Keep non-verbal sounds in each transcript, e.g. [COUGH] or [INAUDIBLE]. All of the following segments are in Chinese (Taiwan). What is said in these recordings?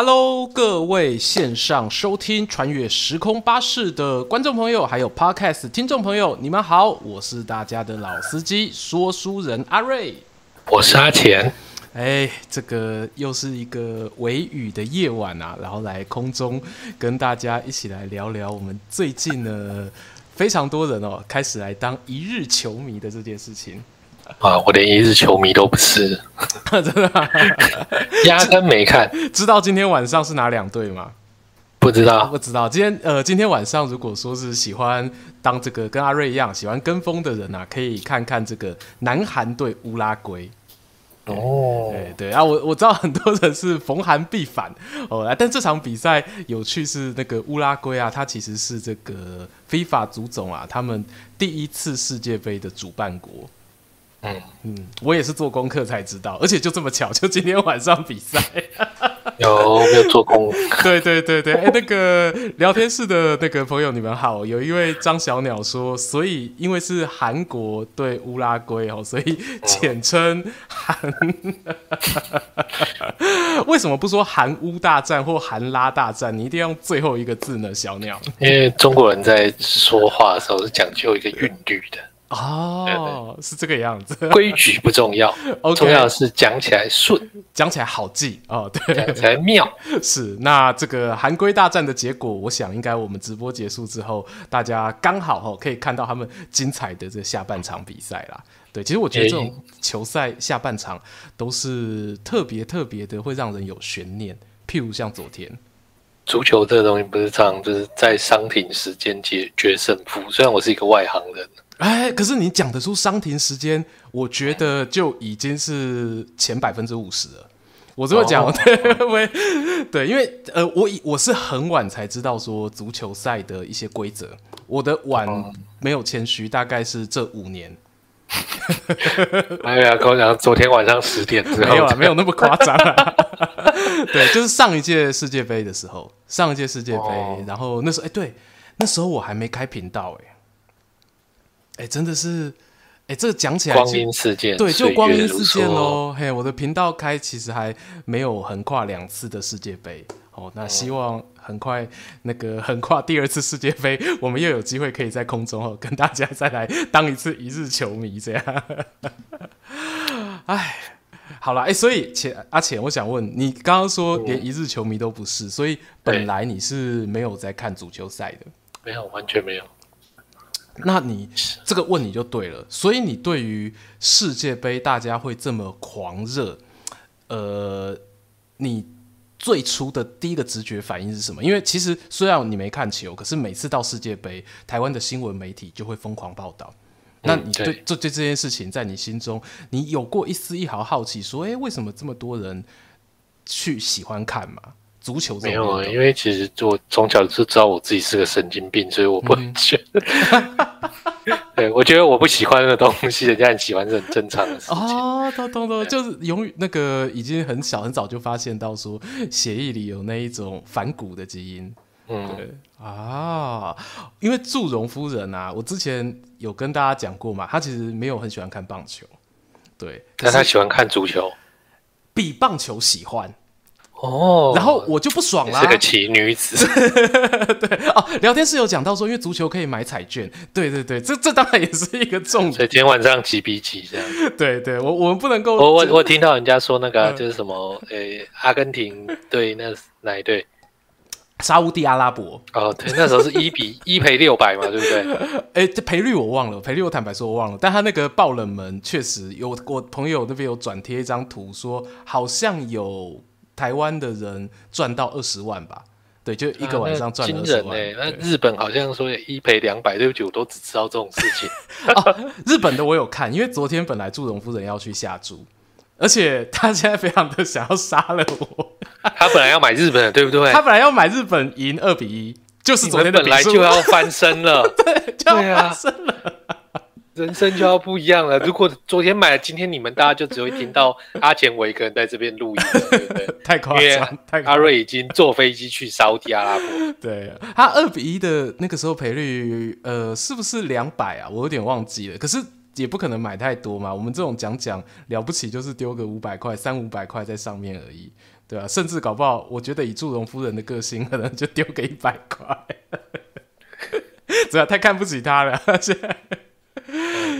Hello，各位線上收聽《穿越時空巴士》的觀眾朋友，還有 Podcast 的聽眾朋友，你們好，我是大家的老司機說書人阿瑞，我是阿田。哎、欸，這個又是一個微雨的夜晚啊，然後來空中跟大家一起來聊聊我們最近呢，非常多人哦，開始來當一日球迷的這件事情。啊，我連一日球迷都不是。啊，真的嗎？壓 [LAUGHS] 根沒看。知道今天晚上是哪兩隊嗎？不知道，不知道。今天，呃，今天晚上如果說是喜歡當這個跟阿瑞一樣喜歡跟風的人啊，可以看看這個南韓對烏拉圭。哦，對對啊，我我知道很多人是逢韓必反哦，但這場比賽有趣是那個烏拉圭啊，它其實是這個 FIFA 足總啊，他們第一次世界盃的主辦國。嗯，我也是做功課才知道，而且就這麼巧，就今天晚上比賽。 [LAUGHS] 有沒有做功課？ [LAUGHS] 對對對對，哎、欸，那個聊天室的那個朋友，你們好。有一位張小鳥說，所以因為是韓國對烏拉圭哦，所以簡稱韓、 [LAUGHS] 嗯。 [LAUGHS] 為什麼不說韓烏大戰或韓拉大戰？你一定要用最後一個字呢，小鳥？因為中國人在說話的時候是講究一個韻律的。哦、oh，是這個樣子。 [LAUGHS] 規矩不重要，重要的是講起來順，okay, 講起來好記哦。對，講起來妙。是，那這個韓歸大戰的結果，我想應該我們直播結束之後，大家剛好可以看到他們精彩的這下半場比賽啦。嗯、對，其實我覺得這種球賽下半場都是特別特別的會讓人有懸念，譬如像昨天足球這個東西不是常常就是在傷停時間決決勝負。雖然我是一個外行人。哎、欸，可是你講得出傷停時間，我覺得就已經是前百分之五十了。我這麼講，oh. [LAUGHS] 對，因為呃，我以我是很晚才知道說足球賽的一些規則，我的晚沒有謙虛，大概是這五年。 [LAUGHS] 哎呀，跟我講，昨天晚上十點之後沒有，沒有那麼誇張。 [LAUGHS] 對，就是上一屆世界盃的時候，上一屆世界盃，oh. 然後那時候哎、欸，對，那時候我還沒開頻道哎、欸。哎、欸，真的是，哎、欸，這個講起來光陰似箭，對，就光陰似箭嘍。嘿，我的頻道開其實還沒有橫跨兩次的世界盃，哦，那希望很快那個橫跨第二次世界盃，我們又有機會可以在空中，哦，跟大家再來當一次一日球迷這樣。哎， [LAUGHS] 好了，哎、欸，所以錢阿錢，且啊，且我想問你，剛剛說連一日球迷都不是，哦，所以本來你是沒有在看足球賽的，沒有，完全沒有。那你這個問你就對了，所以你對於世界杯大家會這麼狂熱，呃，你最初的第一個直覺反應是什麼？因為其實雖然你沒看球，可是每次到世界杯，台灣的新聞媒體就會瘋狂報道、嗯。那你對對就對這件事情，在你心中，你有過一絲一毫好奇，說，哎、欸，為什麼這麼多人去喜歡看嘛？足球這沒有，因為其實我從小就知道我自己是個神經病，所以我不能選。嗯 [LAUGHS] [LAUGHS] 對，我覺得我不喜歡的東西，人家很喜歡是很正常的事情。 [LAUGHS] 哦，都都就是由於那個已經很小很早就發現到說，血液裡有那一種反骨的基因。嗯，對啊，因為祝融夫人啊，我之前有跟大家講過嘛，她其實沒有很喜歡看棒球，對，但她喜歡看足球，比棒球喜歡。哦，然後我就不爽啦。是個奇女子， [LAUGHS] 對哦。聊天室有講到說，因為足球可以買彩券，對對對，這這當然也是一個重點。所以今天晚上幾比幾這樣？ [LAUGHS] 對對，我我們不能夠。我我我聽到人家說那個、啊嗯、就是什麼，誒，阿根廷對那哪一隊？沙烏地阿拉伯。哦，對，那時候是一比一 [LAUGHS] 賠六百嘛，對不對？哎，這賠率我忘了，賠率我坦白說我忘了。但他那個爆冷門，確實有我朋友那邊有轉貼一張圖，說好像有。台灣的人賺到二十萬吧？對，就一個晚上賺二十萬。啊、驚人呢、欸！那日本好像說一賠兩百，對不起，我都只知道這種事情。 [LAUGHS] 哦、 [LAUGHS] 日本的我有看，因為昨天本來祝融夫人要去下注，而且他現在非常的想要殺了我。他本來要買日本的，對不對？他本來要買日本，贏二比一，就是昨天的比數， [LAUGHS] 就要翻身了。對、啊，就要翻身了。人生就要不一樣了。如果昨天買了，今天你們大家就只會聽到阿錢我一個人在這邊錄音，對對 [LAUGHS] 太誇張。太阿瑞已經坐飛機去沙烏地阿拉伯， [LAUGHS] 對啊，他二比一的那個時候賠率，呃，是不是兩百啊？我有點忘記了。可是也不可能買太多嘛。我們這種講講了不起，就是丟個五百塊、三五百塊在上面而已，對啊，甚至搞不好，我覺得以祝融夫人的個性，可能就丟個一百塊，主 [LAUGHS] 要，太看不起他了。現在 [LAUGHS]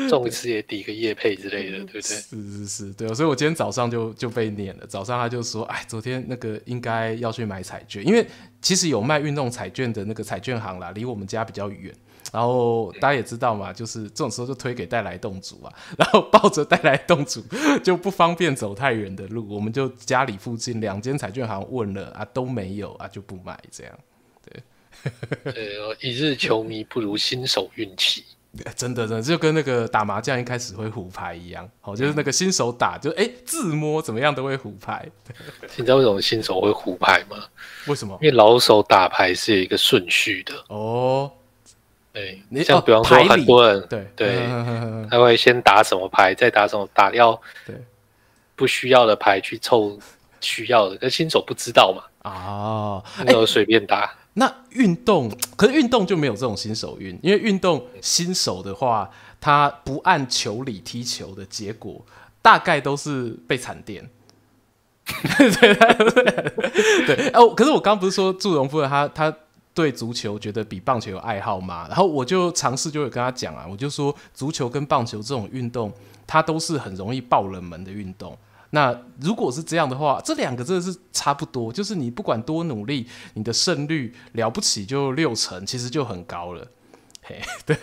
中一次也抵一個業配之類的對，對不對？是是是，對、哦。所以我今天早上就就被念了。早上他就說：“哎，昨天那個應該要去買彩券，因為其實有賣運動彩券的那個彩券行啦，離我們家比較遠。然後大家也知道嘛，嗯、就是這種時候就推給帶來動組啊，然後抱着帶來動組就不方便走太遠的路。我們就家裡附近兩間彩券行問了啊，都沒有啊，就不買這樣。對， [LAUGHS] 對、哦，一日球迷不如新手運氣。”真的，真的，真就跟那個打麻將一開始會胡牌一樣，哦，就是那個新手打，就誒、欸、自摸怎麼樣都會胡牌。你知道為什麼新手會胡牌嗎？為什麼？因為老手打牌是有一個順序的哦。對，你、哦、像比方說很多人對、哦、對，他會先打什麼牌，再打什麼打，打掉對不需要的牌去湊需要的，新手不知道嘛哦，那、欸、然後隨便打。 [LAUGHS] 那運動，可是運動就沒有這種新手運，因為運動新手的話，他不按球理踢球的結果，大概都是被慘電。 [LAUGHS] [LAUGHS] 對，對，哦，可是我剛，剛不是說祝融夫人他，他他對足球覺得比棒球有愛好嗎？然後我就嘗試，就會跟他講啊，我就說足球跟棒球這種運動，它都是很容易爆冷門的運動。那如果是這樣的話，這兩個真的是差不多，就是你不管多努力，你的勝率了不起就六成，其實就很高了。嘿，對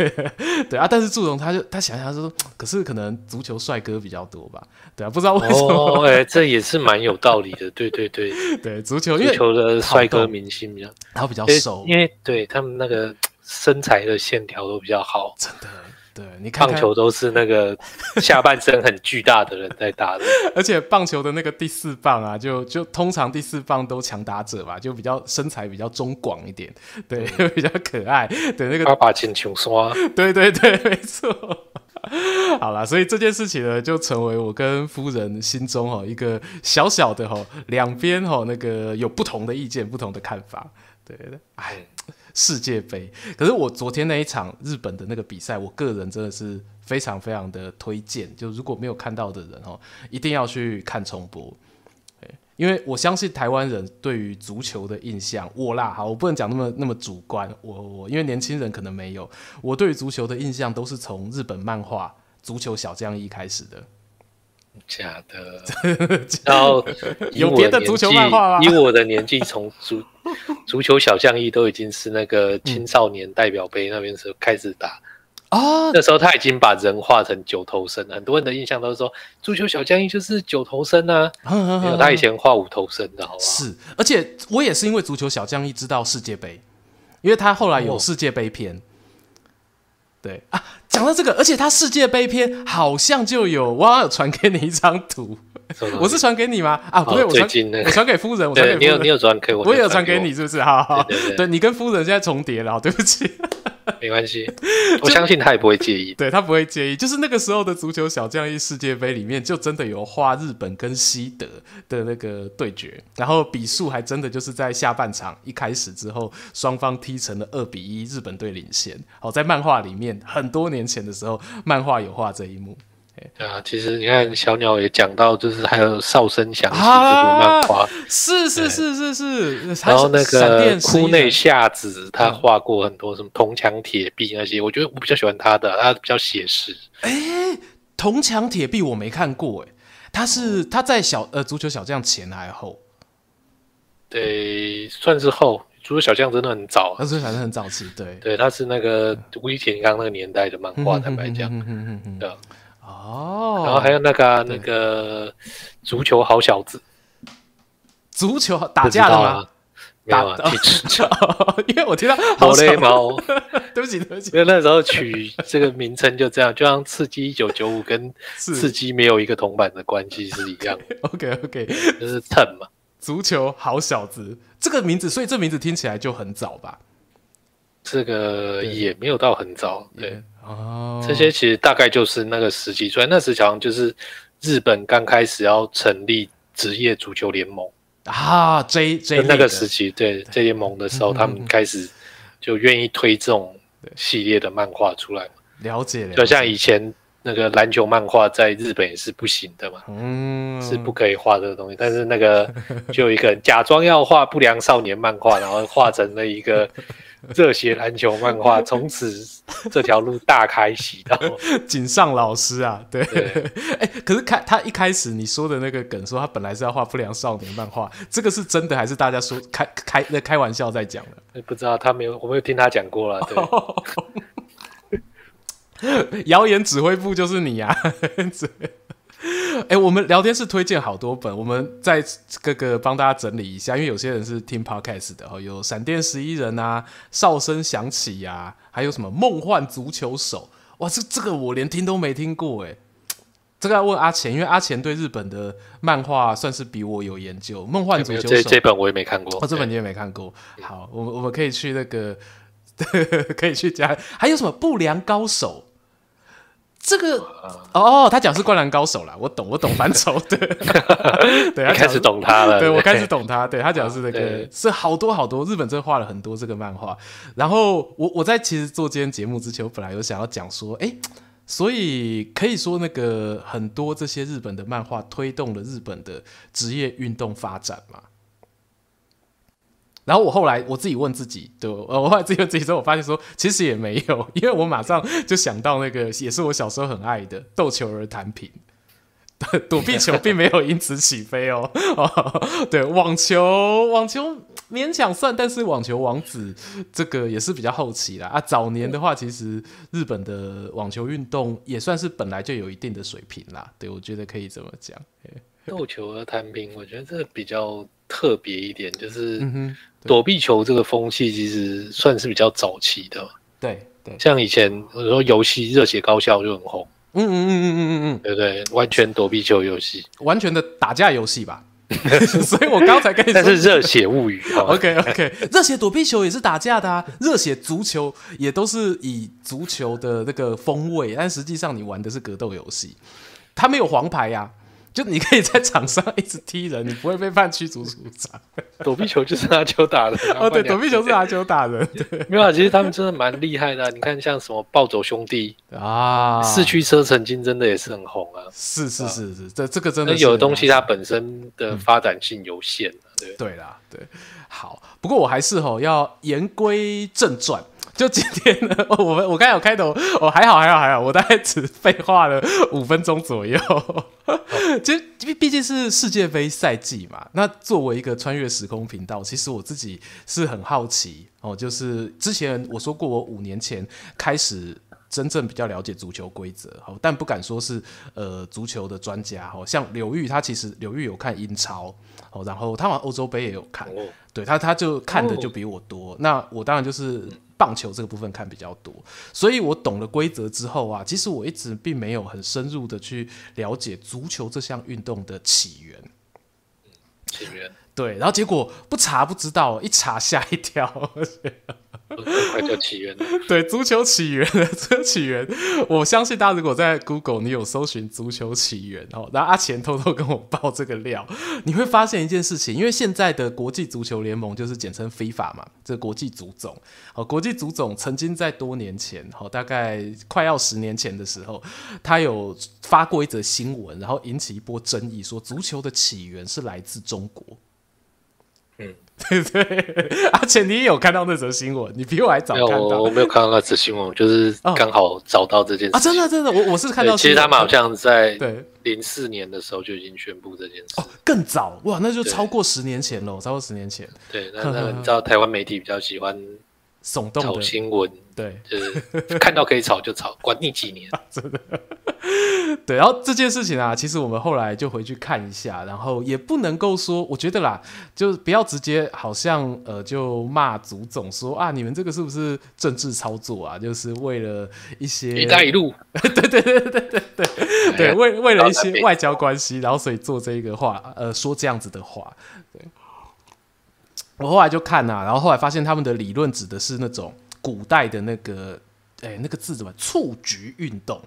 對啊，但是祝融他就他想想他說，可是可能足球帥哥比較多吧？對啊，不知道為什麼。Oh, okay, 這也是蠻有道理的。對 [LAUGHS] 對對對，對足球足球的帥哥明星比較他比較瘦，因為，因為對他們那個身材的線條都比較好，真的。對，你看，看棒球都是那個下半身很巨大的人在打的， [LAUGHS] 而且棒球的那個第四棒啊，就就通常第四棒都強打者吧，就比較身材比較中廣一點，對，嗯、又比較可愛，對那個。八百請求山。對對對，沒錯。 [LAUGHS] 好啦，所以這件事情呢，就成為我跟夫人心中、哦、一個小小的哈、哦、兩邊、哦、那個有不同的意見，不同的看法，對的，哎。嗯世界盃，可是我昨天那一場日本的那個比賽，我個人真的是非常非常的推薦。就如果沒有看到的人哦，一定要去看重播，因為我相信台灣人對於足球的印象，我啦，好，我不能講那麼那麼主觀，我我因為年輕人可能沒有，我對於足球的印象都是從日本漫畫《足球小將》一開始的。假的， [LAUGHS] 然後有別的足球漫畫、啊、 [LAUGHS] 以我的年紀，從足 [LAUGHS] 足球小將翼都已經是那個青少年代表杯那邊時候開始打哦、嗯，那時候他已經把人畫成九頭身了，很多人的印象都是說、嗯、足球小將翼就是九頭身呢、啊嗯嗯嗯嗯。他以前畫五頭身的好吧？是，而且我也是因為足球小將翼知道世界杯，因為他後來有世界杯篇。哦、對啊。講到這個，而且他世界盃篇好像就有，我好像有傳給你一張圖，我是傳給你嗎？啊，不對，我傳我傳給夫人，我傳給你，你有傳給我，我也有傳給你是不是？哈，對，對，對，對你跟夫人現在重疊了，對不起。 [LAUGHS] 沒關係，我相信他也不會介意。對，他不會介意，就是那個時候的足球小將翼世界杯裡面，就真的有畫日本跟西德的那個對決，然後比數還真的就是在下半場一開始之後，雙方踢成了二比一，日本隊領先。好，在漫畫裡面很多年前的時候，漫畫有畫這一幕。啊、嗯，其實你看小鳥也講到，就是還有哨聲響起這部漫畫、啊，是是是是是。然後那個哭內夏子，他畫過很多什麼銅牆鐵壁那些、嗯，我覺得我比較喜歡他的，他比較寫實。哎、欸，銅牆鐵壁我沒看過哎、欸，他是他在小呃足球小將前還後？對，算是後足球小將真的很早、啊，那、嗯，就是反正很早期，對、嗯、對，他是那個威田剛那個年代的漫畫，坦白講，嗯嗯嗯嗯。哦、oh，然後還有那個、啊、那個足球好小子，足球打架了嗎？啊、打沒有啊，哦、 [LAUGHS] 因為我聽到，好雷毛， [LAUGHS] 對不起對不起，因為那時候取這個名稱就這樣， [LAUGHS] 就像《刺激一九九五》跟《刺激》沒有一個銅板的關係是一樣的。 [LAUGHS] OK OK，就是蹭嘛。足球好小子這個名字，所以這名字聽起來就很早吧？這個也沒有到很早，對。對對哦，這些其實大概就是那個時期，所以那時好像就是日本剛開始要成立職業足球聯盟啊，J，J 那個時期，對，對 J 聯盟的時候，他們開始就願意推這種系列的漫畫出來了。了解，就像以前那個籃球漫畫在日本也是不行的嘛，嗯，是不可以畫這個東西，但是那個就有一個人假裝要畫不良少年漫畫，然後畫成了一個。熱血籃球漫畫，從此這條路大開喜到井 [LAUGHS] 上老師啊，對，對欸、可是開他一開始你說的那個梗，說他本來是要畫不良少年漫畫，這個是真的還是大家說開開那開玩笑在講的、欸？不知道，他沒有我沒有聽他講過了。謠 [LAUGHS] [LAUGHS] 言指揮部就是你啊。 [LAUGHS] 哎、欸，我們聊天室推薦好多本，我們再這個幫大家整理一下，因為有些人是聽 podcast 的，有《閃電十一人》啊，《哨聲響起啊》呀，還有什麼《夢幻足球手》。哇，這這個我連聽都沒聽過欸，哎，這個要問阿錢，因為阿錢對日本的漫畫算是比我有研究，《夢幻足球手》有有這本我也沒看過，哦，這本你也沒看過。欸、好，我我們可以去那個， [LAUGHS] 可以去加，還有什麼《不良高手》。這個，哦，他講是灌籃高手啦，我懂，我懂蠻醜的，對，他開始懂他了，對，我開始懂他，對，他講是那個對對對，是好多好多日本，這畫了很多這個漫畫，然後我我在其實做今天節目之前，我本來有想要講說，哎、欸，所以可以說那個很多這些日本的漫畫推動了日本的職業運動發展嘛。然後我後來我自己問自己，對，我後來自己問自己之後，我發現說其實也沒有，因為我馬上就想到那個也是我小時候很愛的鬥球兒彈平，躲避球並沒有因此起飛哦， [LAUGHS] 哦。對，網球，網球勉強算，但是網球王子這個也是比較後期啦。啊，早年的話，其實日本的網球運動也算是本來就有一定的水平啦。對，我覺得可以這麼講。鬥球兒彈平，我覺得這比較。特別一點就是，躲避球這個風氣其實算是比較早期的。對對，像以前我說遊戲熱血高校就很紅。嗯嗯嗯嗯嗯嗯對不對，對？完全躲避球遊戲，完全的打架遊戲吧。 [LAUGHS] [LAUGHS] 所以我剛才跟你說， [LAUGHS] 但是熱血物語好好 [LAUGHS] ，OK OK，熱血躲避球也是打架的啊，熱血足球也都是以足球的那個風味，但實際上你玩的是格鬥遊戲，它沒有黃牌呀、啊。就你可以在場上一直踢人，你不會被判驅逐出場。躲避球就是拿球打的 [LAUGHS] 哦、啊，對，躲避球是拿球打的。對 [LAUGHS] 沒有啊，其實他們真的蠻厲害的、啊。你看，像什麼暴走兄弟啊，四驅車曾經真的也是很紅啊。是是是是，這、啊、這個真的是有的東西，它本身的發展性有限。嗯嗯對，對啦，對，好，不過我還是吼、哦、要言歸正傳，就今天呢，哦、我們我剛才有開頭，我、哦、還好，還好，還好，我大概只廢話了五分鐘左右，其 [LAUGHS] 畢、哦、畢竟是世界盃賽季嘛，那作為一個穿越時空頻道，其實我自己是很好奇哦，就是之前我說過，我五年前開始真正比較了解足球規則，好、哦，但不敢說是呃足球的專家，好、哦，像劉玉他其實劉玉有看英超。然後他往歐洲盃也有看，哦、對他他就看的就比我多、哦。那我當然就是棒球這個部分看比較多，所以我懂了規則之後啊，其實我一直並沒有很深入的去了解足球這項運動的起源。起源。對，然後結果不查不知道，一查嚇一跳。足 [LAUGHS] 球起源，對，足球起源，足我相信大家如果在 Google 你有搜尋足球起源，然後那阿錢偷偷跟我報這個料，你會發現一件事情，因為現在的國際足球聯盟就是簡稱 FIFA 嘛，這個、國際足總。哦，國際足總曾經在多年前，大概快要十年前的時候，他有發過一則新聞，然後引起一波爭議，說足球的起源是來自中國。嗯 [LAUGHS] 對，對對，而且你也有看到那則新聞，你比我還早看到。沒，我沒有看到那則新聞，我 [LAUGHS] 就是剛好找到這件事、哦、啊！真的，真的，我我是看到。其實他們好像在零四年的時候就已經宣布這件事哦，更早哇，那就超過十年前了，超過十年前。對，那，可能你知道台灣媒體比較喜歡聳動的新聞，對，就是看到可以炒就炒，管 [LAUGHS] 你幾年，真的。對，然後這件事情啊，其實我們後來就回去看一下，然後也不能夠說，我覺得啦，就是不要直接好像呃就罵祖總說啊，你們這個是不是政治操作啊？就是為了一些“一帶一路”， [LAUGHS] 對對對對對對對，哎、對為為了一些外交關係，然後所以做這個話，呃，說這樣子的話，對。我後來就看了，啊，然後後來發現他們的理論指的是那種古代的那個，哎，那個字怎麼“蹴鞠”運動？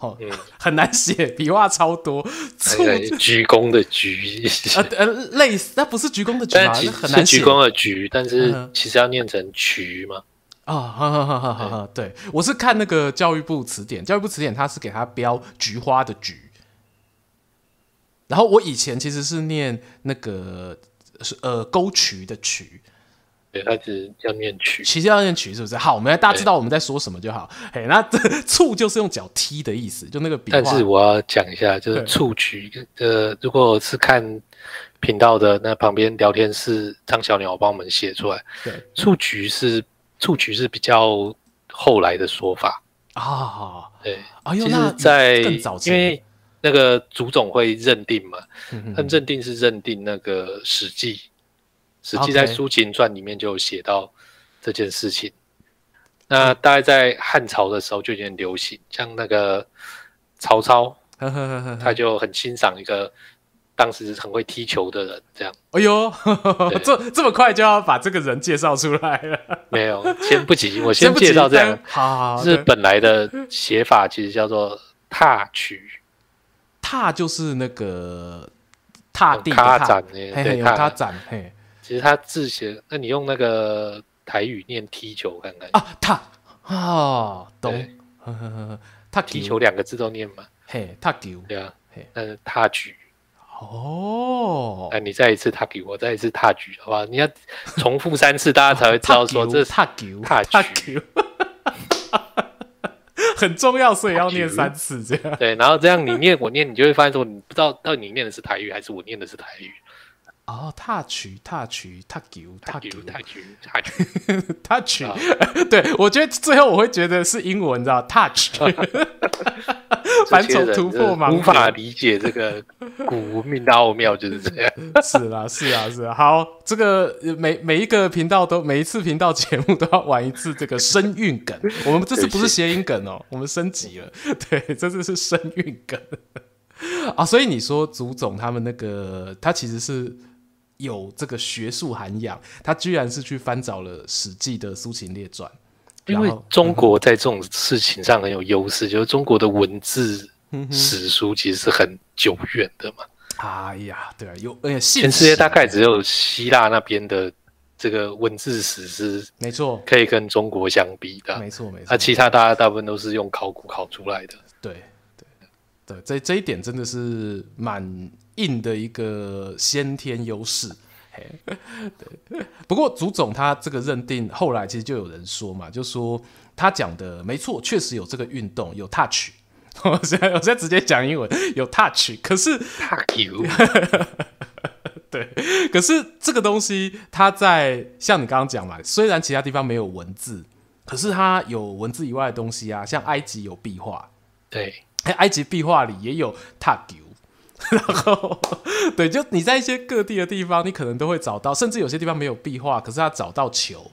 好，哦、嗯，很難寫，筆畫超多。蹴，嗯嗯，鞠躬的鞠， [LAUGHS] 呃、呃，類似，那不是鞠躬的鞠其實是鞠嗎？那很難寫是鞠躬的鞠，但是其實要念成菊嘛“鞠、嗯”嘛，啊哈哈哈！哈，哦，哈，對，對我是看那個教育部詞典，教育部詞典它是給他標“菊花”的“菊”，然後我以前其實是念那個。是呃，溝渠的渠，對，它只要念“渠”，其實要念“渠”是不是？好，我們大家知道我們在說什麼就好。嘿，那“蹴”就是用腳踢的意思，就那個筆畫。但是我要講一下，就是曲“蹴鞠”，呃，如果是看頻道的，那旁邊聊天室張小鳥幫我，我們寫出來，“蹴鞠”曲是“蹴鞠”是比較後來的說法啊、哦，對，哎呦，在那更早因為。那個祖總會認定嘛？他、嗯、認定是認定那個史記《史記》，《史記》在《蘇秦傳》裡面就寫到這件事情。Okay. 那大概在漢朝的時候就已經流行、嗯，像那個曹操，呵呵呵呵，他就很欣賞一個當時很會踢球的人。這樣，哎呦， [LAUGHS] 這這麼快就要把這個人介紹出來了？ [LAUGHS] 沒有，先不急，我先介紹這樣。這好，好，好，是本來的寫法，其實叫做蹋鞠。踏就是那個踏地的踏，嗯、嘿嘿對，有他展嘿。其實他字寫，那你用那個台語念踢球看看。啊，踏啊、哦，懂。踏踢球兩個字都念嗎？嘿，踏球，對啊，嘿，呃，踏舉。哦，哎、啊，你再一次踏球，我再一次踏舉，好吧？你要重複三次， [LAUGHS] 大家才會知道說這是踏球、踏球 [LAUGHS] 很重要，所以要念三次這樣 [LAUGHS] 對，然後這樣你念我念，你就會發現說， [LAUGHS] 你不知道到底你念的是台語還是我念的是台語。哦、oh，touch touch touch touch touch touch touch, touch. [LAUGHS] touch、啊、 [LAUGHS] 對我覺得最後我會覺得是英文，你知道嗎？touch，反衝突破嘛，無法理解這個古文明的奧妙就是這樣。 [LAUGHS] 是啦，是啊，是啊。好，這個每每一個頻道都每一次頻道節目都要玩一次這個聲韻梗。我們這次不是諧音梗哦、喔，我們升級了。對，這次是聲韻梗 [LAUGHS] 啊。所以你說祖總他們那個，他其實是。有這個學術涵養，他居然是去翻找了《史記》的蘇秦列傳。因為中國在這種事情上很有優勢、嗯，就是中國的文字史書其實是很久遠的嘛。哎呀，對啊，有哎呀現、啊，全世界大概只有希臘那邊的這個文字史詩沒錯，可以跟中國相比的。沒錯、啊、沒錯，那其他大家大、大部分都是用考古考出來的。對對對，這這一點真的是蠻。硬的一個先天優勢，嘿，不過，足總他這個認定，後來其實就有人說嘛，就說他講的沒錯，確實有這個運動，有 touch。 [LAUGHS] 我現在我現在直接講英文，有 touch。可是，touch you？ [LAUGHS] 對，可是這個東西，它在像你剛剛講嘛，雖然其他地方沒有文字，可是它有文字以外的東西啊，像埃及有壁畫，對，埃及壁畫裡也有 touch you。 [LAUGHS] 然後，對，就你在一些各地的地方，你可能都會找到，甚至有些地方沒有壁畫，可是他找到球，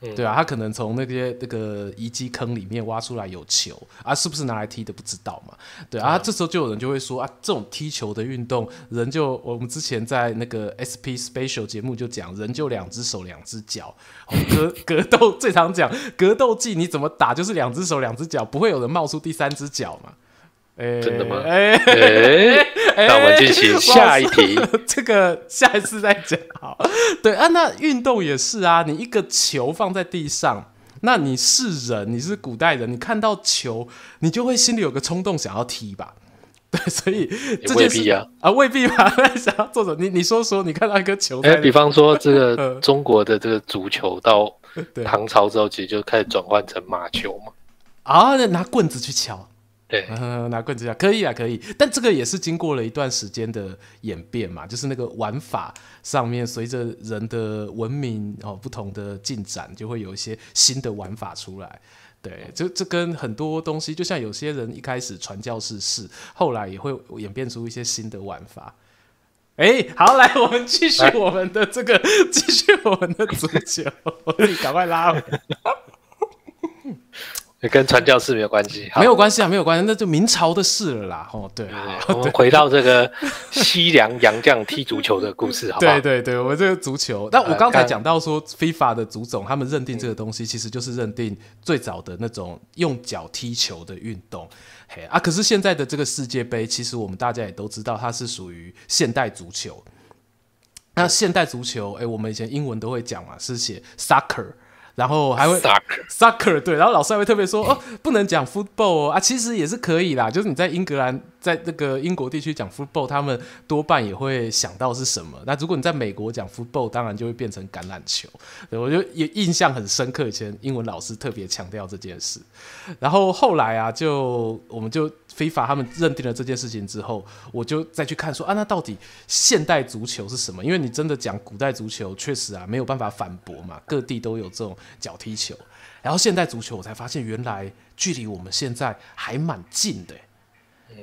嗯、對啊，他可能從那些那個遺跡坑裡面挖出來有球啊，是不是拿來踢的不知道嘛，對啊、嗯、啊，這時候就有人就會說啊，這種踢球的運動，人就我們之前在那個 SP Special 節目就講，人就兩隻手兩隻腳，格 [LAUGHS] 格鬥最常講格鬥技你怎麼打就是兩隻手兩隻腳，不會有人冒出第三隻腳嘛。欸、真的嗎？哎、欸、哎、欸，那我們進行下一題。欸欸欸、 [LAUGHS] 這個下一次再講。好， [LAUGHS] 對啊，那運動也是啊。你一個球放在地上，那你是人，你是古代人，你看到球，你就會心裡有個衝動想要踢吧？對，所以這未必啊、就是、啊，未必吧？那想要做什麼？你你說說，你看到一個球。哎、欸，比方說這個中國的這個足球到唐朝之後， [LAUGHS] 其實就開始轉換成馬球嘛。啊，拿棍子去敲。對、呃，拿棍子下可以啊，可以。但這個也是經過了一段時間的演變嘛，就是那個玩法上面，隨着人的文明哦，不同的進展，就會有一些新的玩法出來。對，就這跟很多東西，就像有些人一開始傳教士士，是後來也會演變出一些新的玩法。哎、欸，好，來，我們繼續我們的這個，繼續我們的足球，趕 [LAUGHS] 快拉回。 [LAUGHS] 跟傳教士沒有關係，沒有關係啊，沒有關係，那就明朝的事了啦。哦，對，嗯、對我們回到這個西涼楊絳踢足球的故事，好不好？對對對，我們這個足球、嗯，但我剛才講到說，非、呃、法的足總他們認定這個東西、嗯、其實就是認定最早的那種用腳踢球的運動。嗯、嘿啊，可是現在的這個世界杯，其實我們大家也都知道，它是屬於現代足球。嗯、那現代足球誒，我們以前英文都會講嘛，是寫 soccer。然後還會 soccer Suck. soccer 對，然後老師還會特別說，hey. 哦，不能講 football，哦、啊，其實也是可以啦，就是你在英格蘭。在那個英國地區講 football，他們多半也會想到是什麼。那如果你在美國講 football，當然就會變成橄欖球。對，我就也印象很深刻，以前英文老師特別強調這件事。然後後來啊，就我們就 FIFA 他們認定了這件事情之後，我就再去看說啊，那到底現代足球是什麼？因為你真的講古代足球，確實啊沒有辦法反駁嘛，各地都有這種腳踢球。然後現代足球，我才發現原來距離我們現在還蠻近的欸。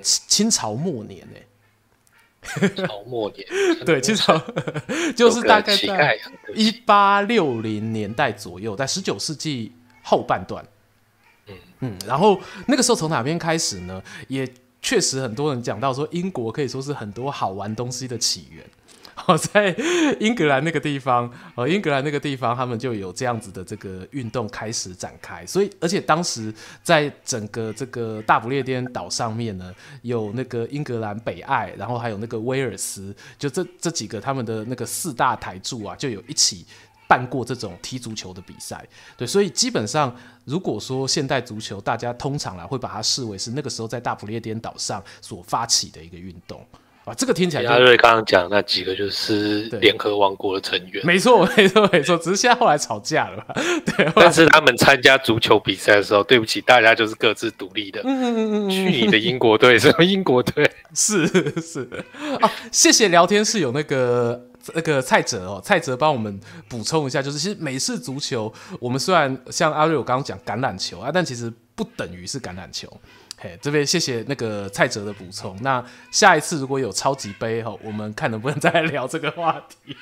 清朝末年呢、欸，朝末年，對，清朝就是大概在一八六零年代左右，在十九世紀後半段。嗯，然後那個時候從哪邊開始呢？也確實很多人講到說，英國可以說是很多好玩東西的起源。我在英格蘭那個地方，哦，英格蘭那個地方，他們就有這樣子的這個運動開始展開。所以，而且當時在整個這個大不列顛島上面呢，有那個英格蘭、北愛，然後還有那個威爾斯，就這這幾個他們的那個四大台柱啊，就有一起辦過這種踢足球的比賽。對，所以基本上，如果說現代足球，大家通常啊會把它視為是那個時候在大不列顛島上所發起的一個運動。哇、啊，這個聽起來……阿瑞剛剛講那幾個就是聯合王國的成員，沒錯，沒錯，沒錯，只是現在後來吵架了吧，對。但是他們參加足球比賽的時候，對不起，大家就是各自獨立的。嗯嗯嗯，去你的英國隊什麼 [LAUGHS] 英國隊？是是。啊，謝謝聊天室有那個那個蔡哲哦，蔡哲幫我們補充一下，就是其實美式足球，我們雖然像阿瑞我剛剛講橄欖球啊，但其實不等於是橄欖球。這邊謝謝那個蔡哲的補充。那下一次如果有超級杯，我們看能不能再聊這個話題。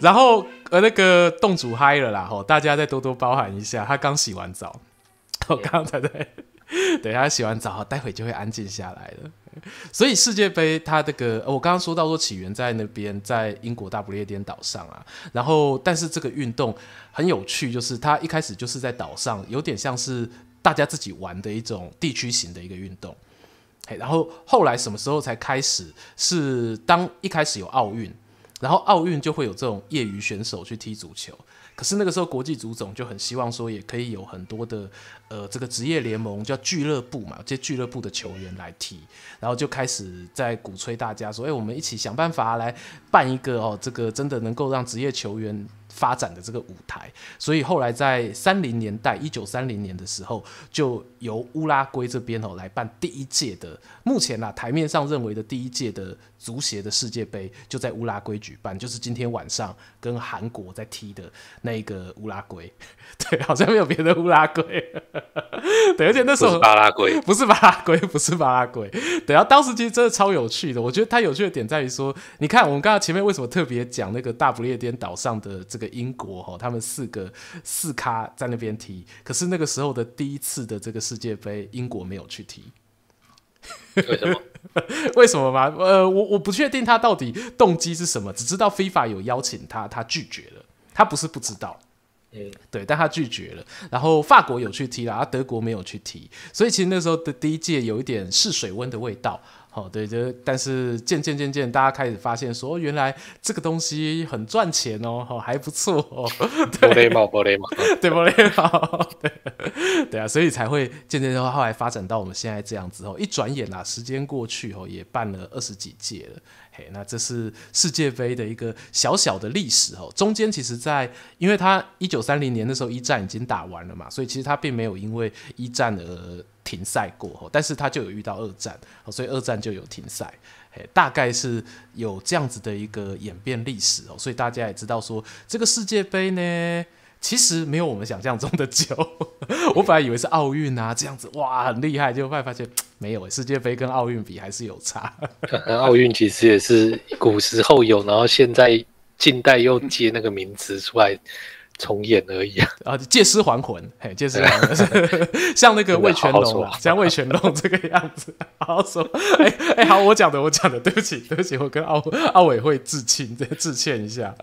[LAUGHS] 然後呃，那個洞主嗨了啦，大家再多多包涵一下。他剛洗完澡，yeah. 我剛才在等他洗完澡，待會就會安靜下來了。所以世界杯，它這、那個我剛剛說到說起源在那邊，在英國大不列顛島上啊。然後，但是這個運動很有趣，就是它一開始就是在島上，有點像是。大家自己玩的一種地區型的一個運動，嘿，然後後來什麼時候才開始？是當一開始有奧運，然後奧運就會有這種業餘選手去踢足球。可是那個時候國際足總就很希望說，也可以有很多的呃這個職業聯盟叫俱樂部嘛，這俱樂部的球員來踢，然後就開始在鼓吹大家說，哎，我們一起想辦法來辦一個哦，這個真的能夠讓職業球員。發展的這個舞台，所以後來在三零年代，一九三零年的時候，就由烏拉圭這邊哦、喔、來辦第一屆的，目前啊，台面上認為的第一屆的足協的世界盃就在烏拉圭舉辦，就是今天晚上跟韓國在踢的那個烏拉圭，對，好像沒有別的烏拉圭， [LAUGHS] 對，而且那時候巴拉圭不是巴拉圭，不是巴拉圭，拉圭 [LAUGHS] 對，然後當時其實真的超有趣的，我覺得它有趣的點在於說，你看我們剛才前面為什麼特別講那個大不列顛島上的這個。英國哈，他們四個四咖在那邊踢，可是那個時候的第一次的這個世界盃，英國沒有去踢，為什麼？ [LAUGHS] 為什麼嗎？呃，我我不確定他到底動機是什麼，只知道 FIFA 有邀請他，他拒絕了，他不是不知道，嗯、對，但他拒絕了。然後法國有去踢了，而、啊、德國沒有去踢，所以其實那時候的第一屆有一點試水溫的味道。哦，對，就但是漸漸漸漸，大家開始發現說，哦、原來這個東西很賺錢哦，哦還不錯，哦寶萊塢，寶萊塢，對寶萊塢，對雷對， [LAUGHS] 對啊，所以才會漸漸的話，後來發展到我們現在這樣子哦，一轉眼啊，時間過去哦，也辦了二十幾屆了。那這是世界盃的一個小小的歷史哦。中間其實在，在因為它一九三零年的時候一戰已經打完了嘛，所以其實它並沒有因為一戰而停賽過，但是它就有遇到二戰，所以二戰就有停賽。嘿，大概是有這樣子的一個演變歷史哦。所以大家也知道說，這個世界盃呢，其實沒有我們想象中的久， [LAUGHS] 我本來以為是奧運啊，這樣子哇很厲害，就會發現沒有、欸、世界杯跟奧運比還是有差。嗯、奧運其實也是古時候有， [LAUGHS] 然後現在近代又接那個名詞出來。重演而已啊！啊，借屍還魂，嘿，借屍還魂， [LAUGHS] 像那個魏全龍， [LAUGHS] 像魏全龍這個樣子，好好說。哎、 [LAUGHS] 欸欸、好，我講的，我講的，對不起，對不起，我跟奧奧委會致歉，致歉一下。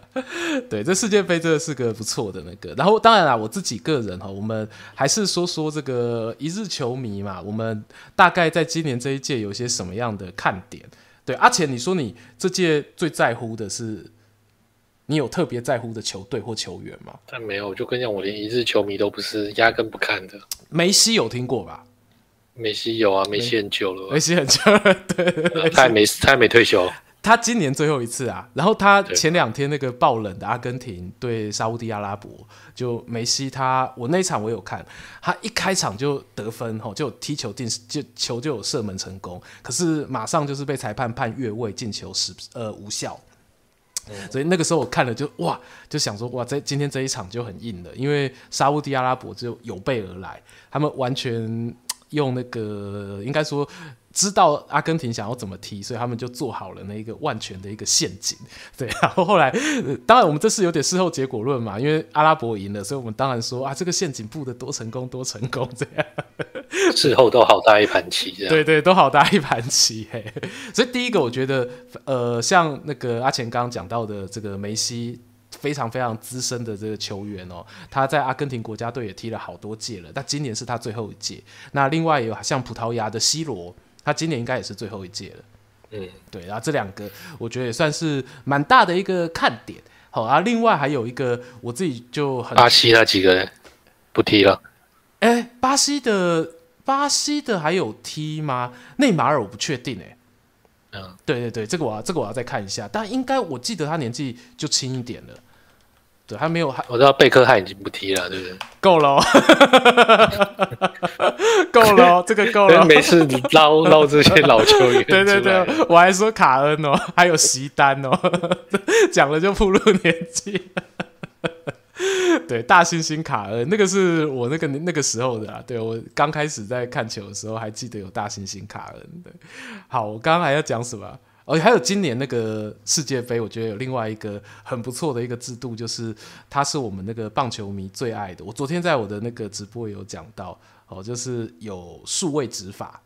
對，這世界杯真的是個不錯的那個。然後，當然啦，我自己個人哈，我們還是說說這個一日球迷嘛。我們大概在今年這一屆有些什麼樣的看點？對，阿錢，你說你這屆最在乎的是？你有特別在乎的球隊或球員嗎？但沒有，我就跟你講，我連一日球迷都不是，壓根不看的。梅西有聽過吧？梅西有啊，梅西很久了。梅西很久了，對、啊，他還沒，他還沒退休了。他今年最後一次啊。然後他前兩天那個爆冷的阿根廷對沙烏地阿拉伯，就梅西他，我那一場我有看，他一開場就得分，吼，就踢球進，就球就有射門成功，可是馬上就是被裁判判越位進球是呃無效。所以那個時候我看了就哇，就想說哇，這今天這一場就很硬的，因為沙烏地阿拉伯就有備而來，他們完全用那個應該說。知道阿根廷想要怎麼踢，所以他們就做好了那一個萬全的一個陷阱。對，然後後來，當然我們這次有點事後結果論嘛，因為阿拉伯贏了，所以我們當然說啊，這個陷阱布的多，多成功，多成功這樣。事後都好大一盤棋這樣，對，對對，都好大一盤棋、欸。所以第一個，我覺得呃，像那個阿錢剛剛講到的這個梅西，非常非常資深的這個球員哦、喔，他在阿根廷國家隊也踢了好多屆了，但今年是他最後一屆。那另外有像葡萄牙的 C 羅。他今年應該也是最後一屆了，嗯，對，然後，啊，這兩個我覺得也算是蠻大的一個看點。好，啊，另外還有一個我自己就很巴西那幾個人不踢了，哎，巴西的巴西的還有踢嗎？內馬爾我不確定哎，嗯，對對對，這個我要這個我要再看一下，但應該我記得他年紀就輕一點了。還沒有還，我知道貝克漢已經不踢了啊，對不對？夠了， [LAUGHS] 夠了咯， [LAUGHS] 這個夠了。沒事你撈，撈撈這些老球員。 [LAUGHS] 對對對，我還說卡恩哦，還有席丹哦，講 [LAUGHS] 了就暴露年紀。 [LAUGHS] 對，大猩猩卡恩，那個是我那個那個時候的啊。對，我剛開始在看球的時候，還記得有大猩猩卡恩的。好，我剛剛還要講什麼？而且還有今年那個世界盃，我覺得有另外一個很不錯的一個制度，就是它是我們那個棒球迷最愛的。我昨天在我的那個直播有講到，哦，就是有數位執法。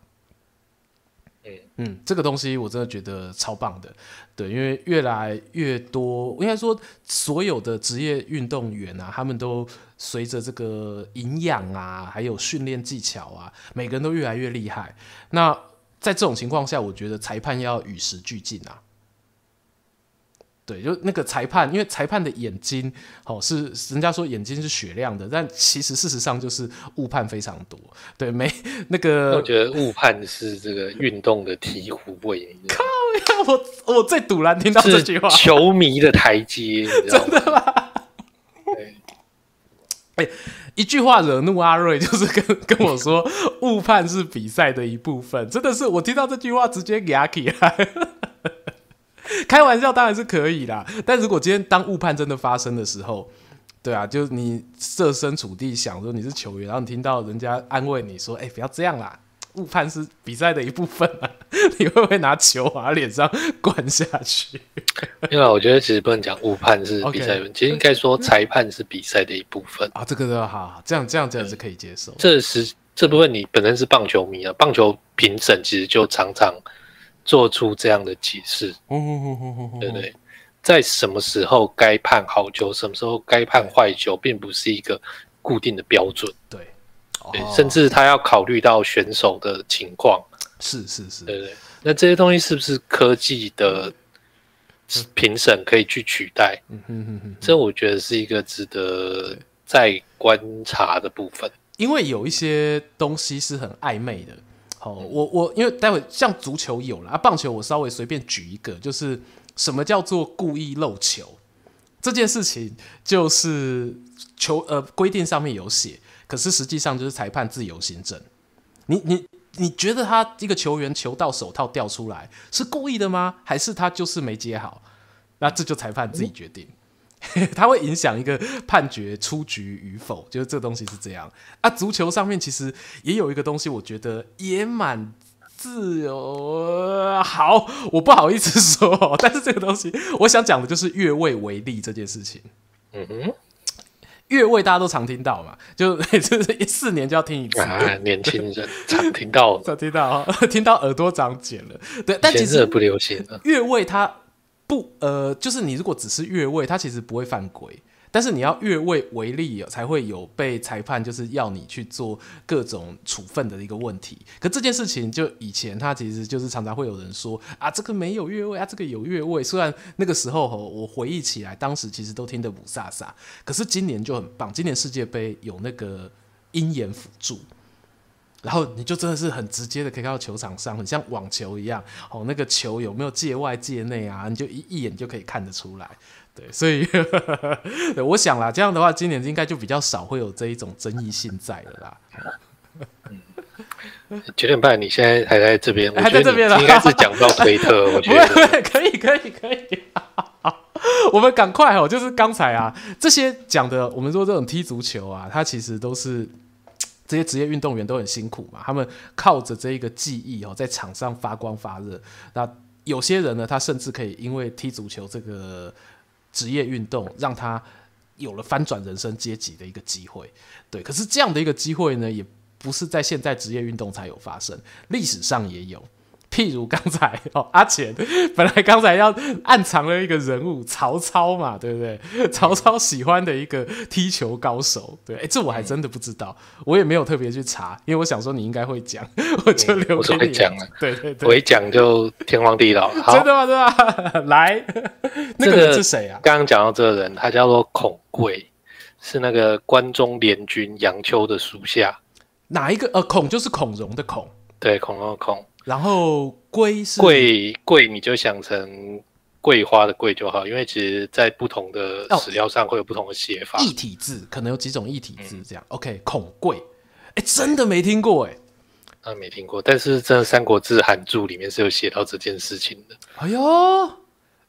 嗯，這個東西我真的覺得超棒的。對，因為越來越多，應該說所有的職業運動員啊，他們都隨着這個營養啊，還有訓練技巧啊，每個人都越來越厲害。那在這種情況下，我覺得裁判要與時俱進啊。對，就那個裁判，因為裁判的眼睛，哦，是人家說眼睛是雪亮的，但其實事實上就是誤判非常多。對，沒那個，我覺得誤判是這個運動的醍醐灌頂。靠！我我最堵然聽到這句話，球迷的台階， [LAUGHS] 真的嗎？你知道嗎？哎、欸，一句話惹怒阿瑞，就是跟跟我說誤 [LAUGHS] 判是比賽的一部分。真的是，我聽到這句話直接給阿 k 哈哈來。 [LAUGHS] 開玩笑當然是可以啦，但如果今天當誤判真的發生的時候，對啊，就是你設身處地想說你是球員，然後你聽到人家安慰你說：“哎、欸，不要這樣啦。”誤判是比賽的一部分啊，你會不會拿球往他臉上灌下去？另外，我覺得其實不能講誤判是比賽，okay. 其實應該說裁判是比賽的一部分、嗯、啊。這個哈，這樣這樣這樣是可以接受、嗯。這是這部分，你本身是棒球迷啊，嗯、棒球評審其實就常常做出這樣的解釋，對不對？在什麼時候該判好球，什麼時候該判壞球，並不是一個固定的標準，對。對，甚至他要考慮到選手的情況，是是是，對對？那這些東西是不是科技的評審可以去取代？嗯哼哼哼哼，這我覺得是一個值得再觀察的部分，因為有一些東西是很曖昧的。好、哦，我我因為待會像足球有啦啊，棒球我稍微隨便舉一個，就是什麼叫做故意漏球這件事情，就是球呃規定上面有寫。可是實際上就是裁判自由行政，你你你覺得他一個球員球到手套掉出來是故意的嗎？還是他就是沒接好？那這就裁判自己決定，嗯、 [LAUGHS] 他會影響一個判決出局與否。就是這東西是這樣啊。足球上面其實也有一個東西，我覺得也蠻自由。好，我不好意思說，但是這個東西我想講的就是越位為例這件事情。嗯哼。越位大家都常聽到嘛，就就是一四年就要聽一次。啊，年輕人 [LAUGHS] 常聽到，常聽到，聽到耳朵長繭了。對，但其實越位他不，呃，就是你如果只是越位，他其實不會犯規。但是你要越位違例，哦，才會有被裁判就是要你去做各種處分的一個問題。可這件事情就以前他其實就是常常會有人說啊，這個沒有越位啊，這個有越位。雖然那個時候哦，我回憶起來，當時其實都聽得霧煞煞。可是今年就很棒，今年世界盃有那個鷹眼輔助，然後你就真的是很直接的可以看到球場上，很像網球一樣哦，那個球有沒有界外界內啊，你就一一眼就可以看得出來。對，所以 [LAUGHS] 對，我想啦，這樣的話，今年應該就比較少會有這一種爭議性在的啦。九點半，你現在還在這邊？欸、我覺得你還在這邊啊？應該是講不到推特， [LAUGHS] 我覺得不不可以，可以，可以。我們趕快哦，就是剛才啊，這些講的，我們說這種踢足球啊，它其實都是這些職業運動員都很辛苦嘛，他們靠着這一個技藝哦，在場上發光發熱。那有些人呢，他甚至可以因為踢足球這個。職業運動讓他有了翻轉人生階級的一個機會，對。可是這樣的一個機會呢，也不是在現在職業運動才有發生，歷史上也有。譬如剛才哦，阿、啊、錢本來剛才要暗藏了一個人物曹操嘛，對不對、嗯？曹操喜歡的一個踢球高手，對，哎，這我還真的不知道、嗯，我也沒有特別去查，因為我想說你應該會講，嗯、 [LAUGHS] 我就留給你，我只會講了、啊啊，對對對，我一講就天荒地老。好 [LAUGHS] 真的嗎？對吧？ [LAUGHS] 來， [LAUGHS] 那個人是誰啊？剛剛講到這個人，他叫做孔貴，是那個關中聯軍楊秋的屬下。哪一個？呃，孔就是孔融的孔，對，孔融的孔。然後桂是桂桂，你就想成桂花的桂就好，因為其實在不同的史料上會有不同的寫法。異、哦、體字可能有幾種異體字這樣。嗯、OK，孔桂，哎、欸，真的沒聽過哎、欸，啊、嗯，沒聽過，但是這《三國志》韓注裡面是有寫到這件事情的。哎喲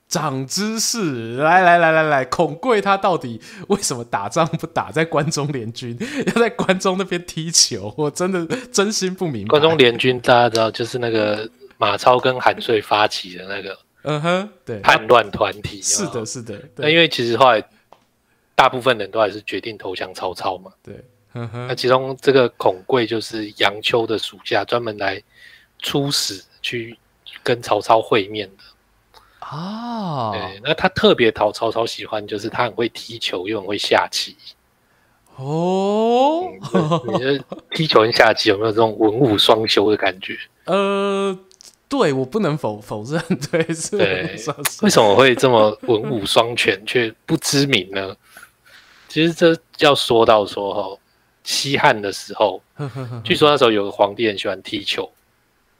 長知識，來來來來來，孔桂他到底為什麼打仗不打，在關中聯軍要在關中那邊踢球？我真的真心不明白。關中聯軍大家知道，就是那個馬超跟韓遂發起的那個，嗯哼，對，叛亂團體。是的，是的，是的。那因為其實後來大部分人都還是決定投降曹操嘛。對。嗯哼。那其中這個孔桂就是楊秋的屬下，專門來出使去跟曹操會面的。啊、ah.，對，那他特別討曹操喜歡，就是他很會踢球，又很會下棋。哦、oh. 嗯， [LAUGHS] 你的踢球跟下棋有沒有這種文武雙修的感覺？呃、uh,，對我不能否否認，對，是。對，為什麼會這麼文武雙全卻 [LAUGHS] 不知名呢？其實這要說到說哈，西漢的時候， [LAUGHS] 據說那時候有個皇帝很喜歡踢球。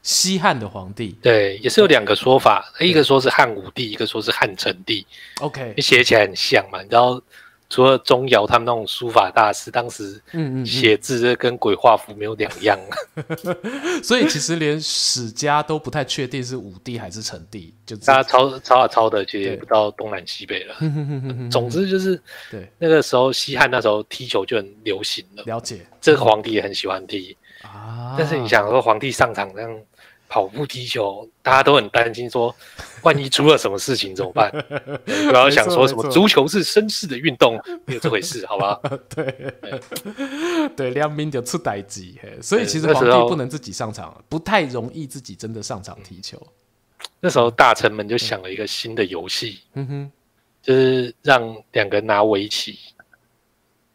西漢的皇帝對，也是有兩個說法，一個說是漢武帝，一個說是漢成帝。OK，寫起來很像嘛，然後除了鍾繇他們那種書法大師，當時寫字跟鬼畫符沒有兩樣，嗯嗯嗯 [LAUGHS] [LAUGHS] 所以其實連史家都不太確定是武帝還是成帝，就大家抄抄啊抄的，其實也不知道東南西北了。 [LAUGHS] 總之就是，對，那個時候西漢那時候踢球就很流行了，了解這個皇帝也很喜歡踢啊、嗯，但是你想說皇帝上場這樣。跑步踢球，大家都很擔心說，說萬一出了什麼事情怎麼辦？然 [LAUGHS] 後想說什麼足球是紳士的運動，沒有這回事， [LAUGHS] 好吧？對 [LAUGHS] 對，兩名就出呆子，所以其實皇帝不能自己上場，不太容易自己真的上場踢球。那時候大臣們就想了一個新的遊戲， [LAUGHS] 嗯哼，就是讓兩個人拿圍棋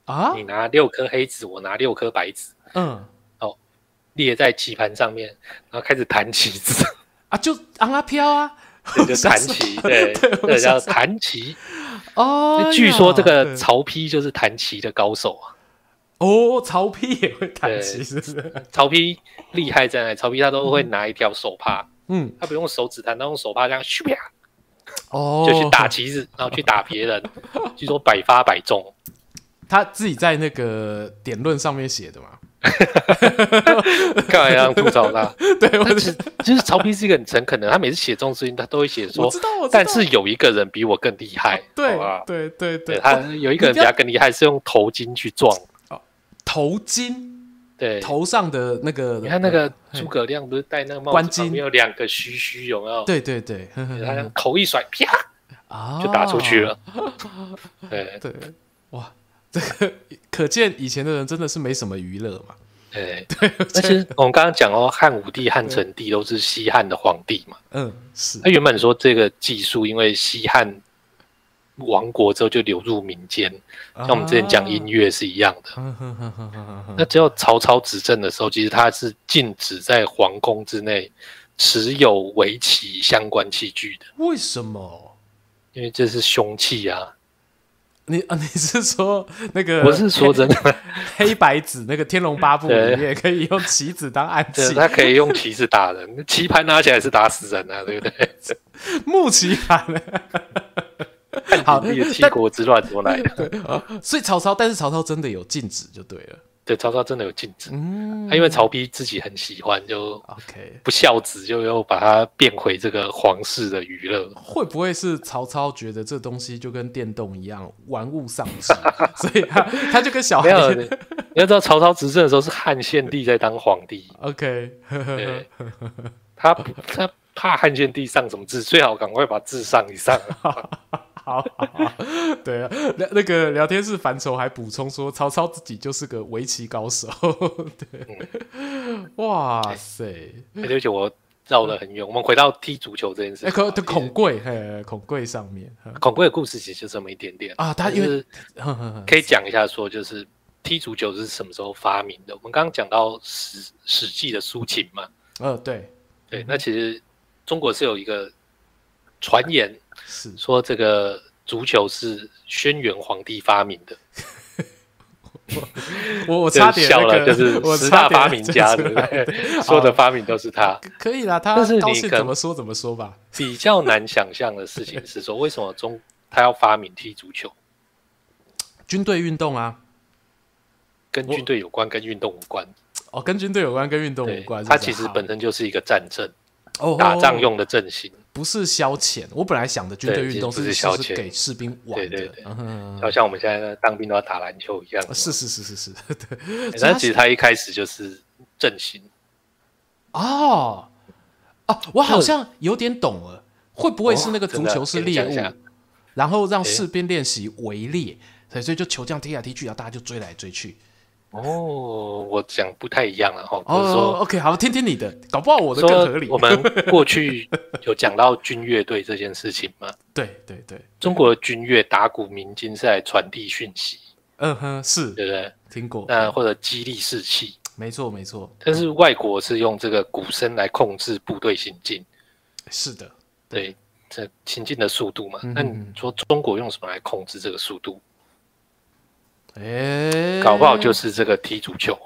啊，你拿六顆黑子，我拿六顆白子，嗯。列在棋盤上面，然後開始彈棋子啊， [LAUGHS] 就昂啊飄啊，就彈棋，對，然後彈棋。 [LAUGHS] 哦，據說這個曹丕就是彈棋的高手啊。哦，曹丕也會彈棋子。曹丕厲害在哪？曹丕他都會拿一條手帕，嗯，他不用手指彈，他用手帕這樣咻啪，哦，就去打棋子，然後去打別人。 [LAUGHS] 據說百發百中。他自己在那個《典論》上面寫的嘛。 [LAUGHS] 幹嘛要吐槽他？ [LAUGHS] 對，但是其實曹丕是一個很誠懇的，他每次寫這種事情，他都會寫說。 [LAUGHS] 但是有一個人比我更厲害。啊、對對對對，對，對、喔。他有一個人比他更厲害，是用頭巾去撞。哦，頭巾。對。頭上的那個，你看那個諸葛亮不是戴那個帽子上面有兩個須須，有沒有？對對對。呵呵呵他這樣頭一甩，啪、啊、就打出去了。啊、對對，哇。這個，可見以前的人真的是沒什麼娛樂嘛？對對。而 [LAUGHS] 我們剛剛講哦，漢武帝、漢成帝都是西漢的皇帝嘛。嗯，是。他、啊、原本說這個技術，因為西漢亡國之後就流入民間，啊，像我們之前講音樂是一樣的。啊、 [LAUGHS] 那只有曹操執政的時候，其實他是禁止在皇宮之內持有圍棋相關器具的。為什麼？因為這是兇器啊。你啊，你是說那個？我是說真的，黑白子那個《天龍八部，》 [LAUGHS] 你也可以用棋子當暗器。他可以用棋子打人， [LAUGHS] 棋盤拿起來是打死人啊，對不對？木棋盤。好，你的七國之亂怎麼來的啊哦？所以曹操，但是曹操真的有禁止就對了。對曹操真的有禁止，嗯，他因為曹丕自己很喜歡，就 OK 不孝子就又把他變回這個皇室的娛樂。會不會是曹操覺得這東西就跟電動一樣玩物喪志， [LAUGHS] 所以他他就跟小孩子。 [LAUGHS] 沒有，你要知道曹操執政的時候是漢獻帝在當皇帝，OK， [LAUGHS] 對 [LAUGHS] 他他怕漢獻帝上什麼字，最好趕快把字上一上。 [LAUGHS] [LAUGHS] 好，好，好，對啊，那那個聊天室凡愁還補充說，曹操自己就是個圍棋高手。對，嗯、哇塞，而、欸、且我繞了很遠、嗯，我們回到踢足球這件事。哎、欸，可孔貴，孔貴上面，孔貴的故事其實就這麼一點點啊。他因為可，是可以講一下，說就是踢足球是什麼時候發明的？我們剛剛講到史《史史記》的蘇秦嘛。嗯，對，對、嗯，那其實中國是有一個傳言。是說這個足球是軒轅皇帝發明的， [LAUGHS] 我我差點、那個、笑了，就是十大發明家對不對？ [LAUGHS] 說的發明都是他，哦、可以啦。但是你怎麼說怎麼說吧。比較難想象的事情是說，為什麼中他要發明踢足球？ [LAUGHS] 軍隊運動啊，跟軍隊有關，跟運動無關。哦，跟軍隊有關，跟運動無關。他其實本身就是一個戰爭，打仗用的陣型。哦哦哦。不是消遣，我本來想的軍隊運動是，是消遣，就是、給士兵玩的，好、啊、像我們現在當兵都要打籃球一樣。是、啊、是是是是，對。那、欸、其實他一開始就是陣型。哦，哦、啊，我好像有點懂了。會不會是那個足球是獵物、哦，然後讓士兵練習圍獵？所以就球這樣踢來踢、踢去，然後大家就追來追去。哦，我講不太一樣了哈。哦,說哦，OK，好，聽聽你的，搞不好我的更合理。我們過去有講到軍樂隊這件事情嗎？對對對，中國的軍樂打鼓鳴金是來傳遞訊息，嗯哼，是對不對？聽過，那或者激勵士氣、嗯，沒錯沒錯。但是外國是用這個鼓聲來控制部隊行進，是的，對，這行進的速度嘛。那、嗯、你說中國用什麼來控制這個速度？哎，搞不好就是這個踢足球。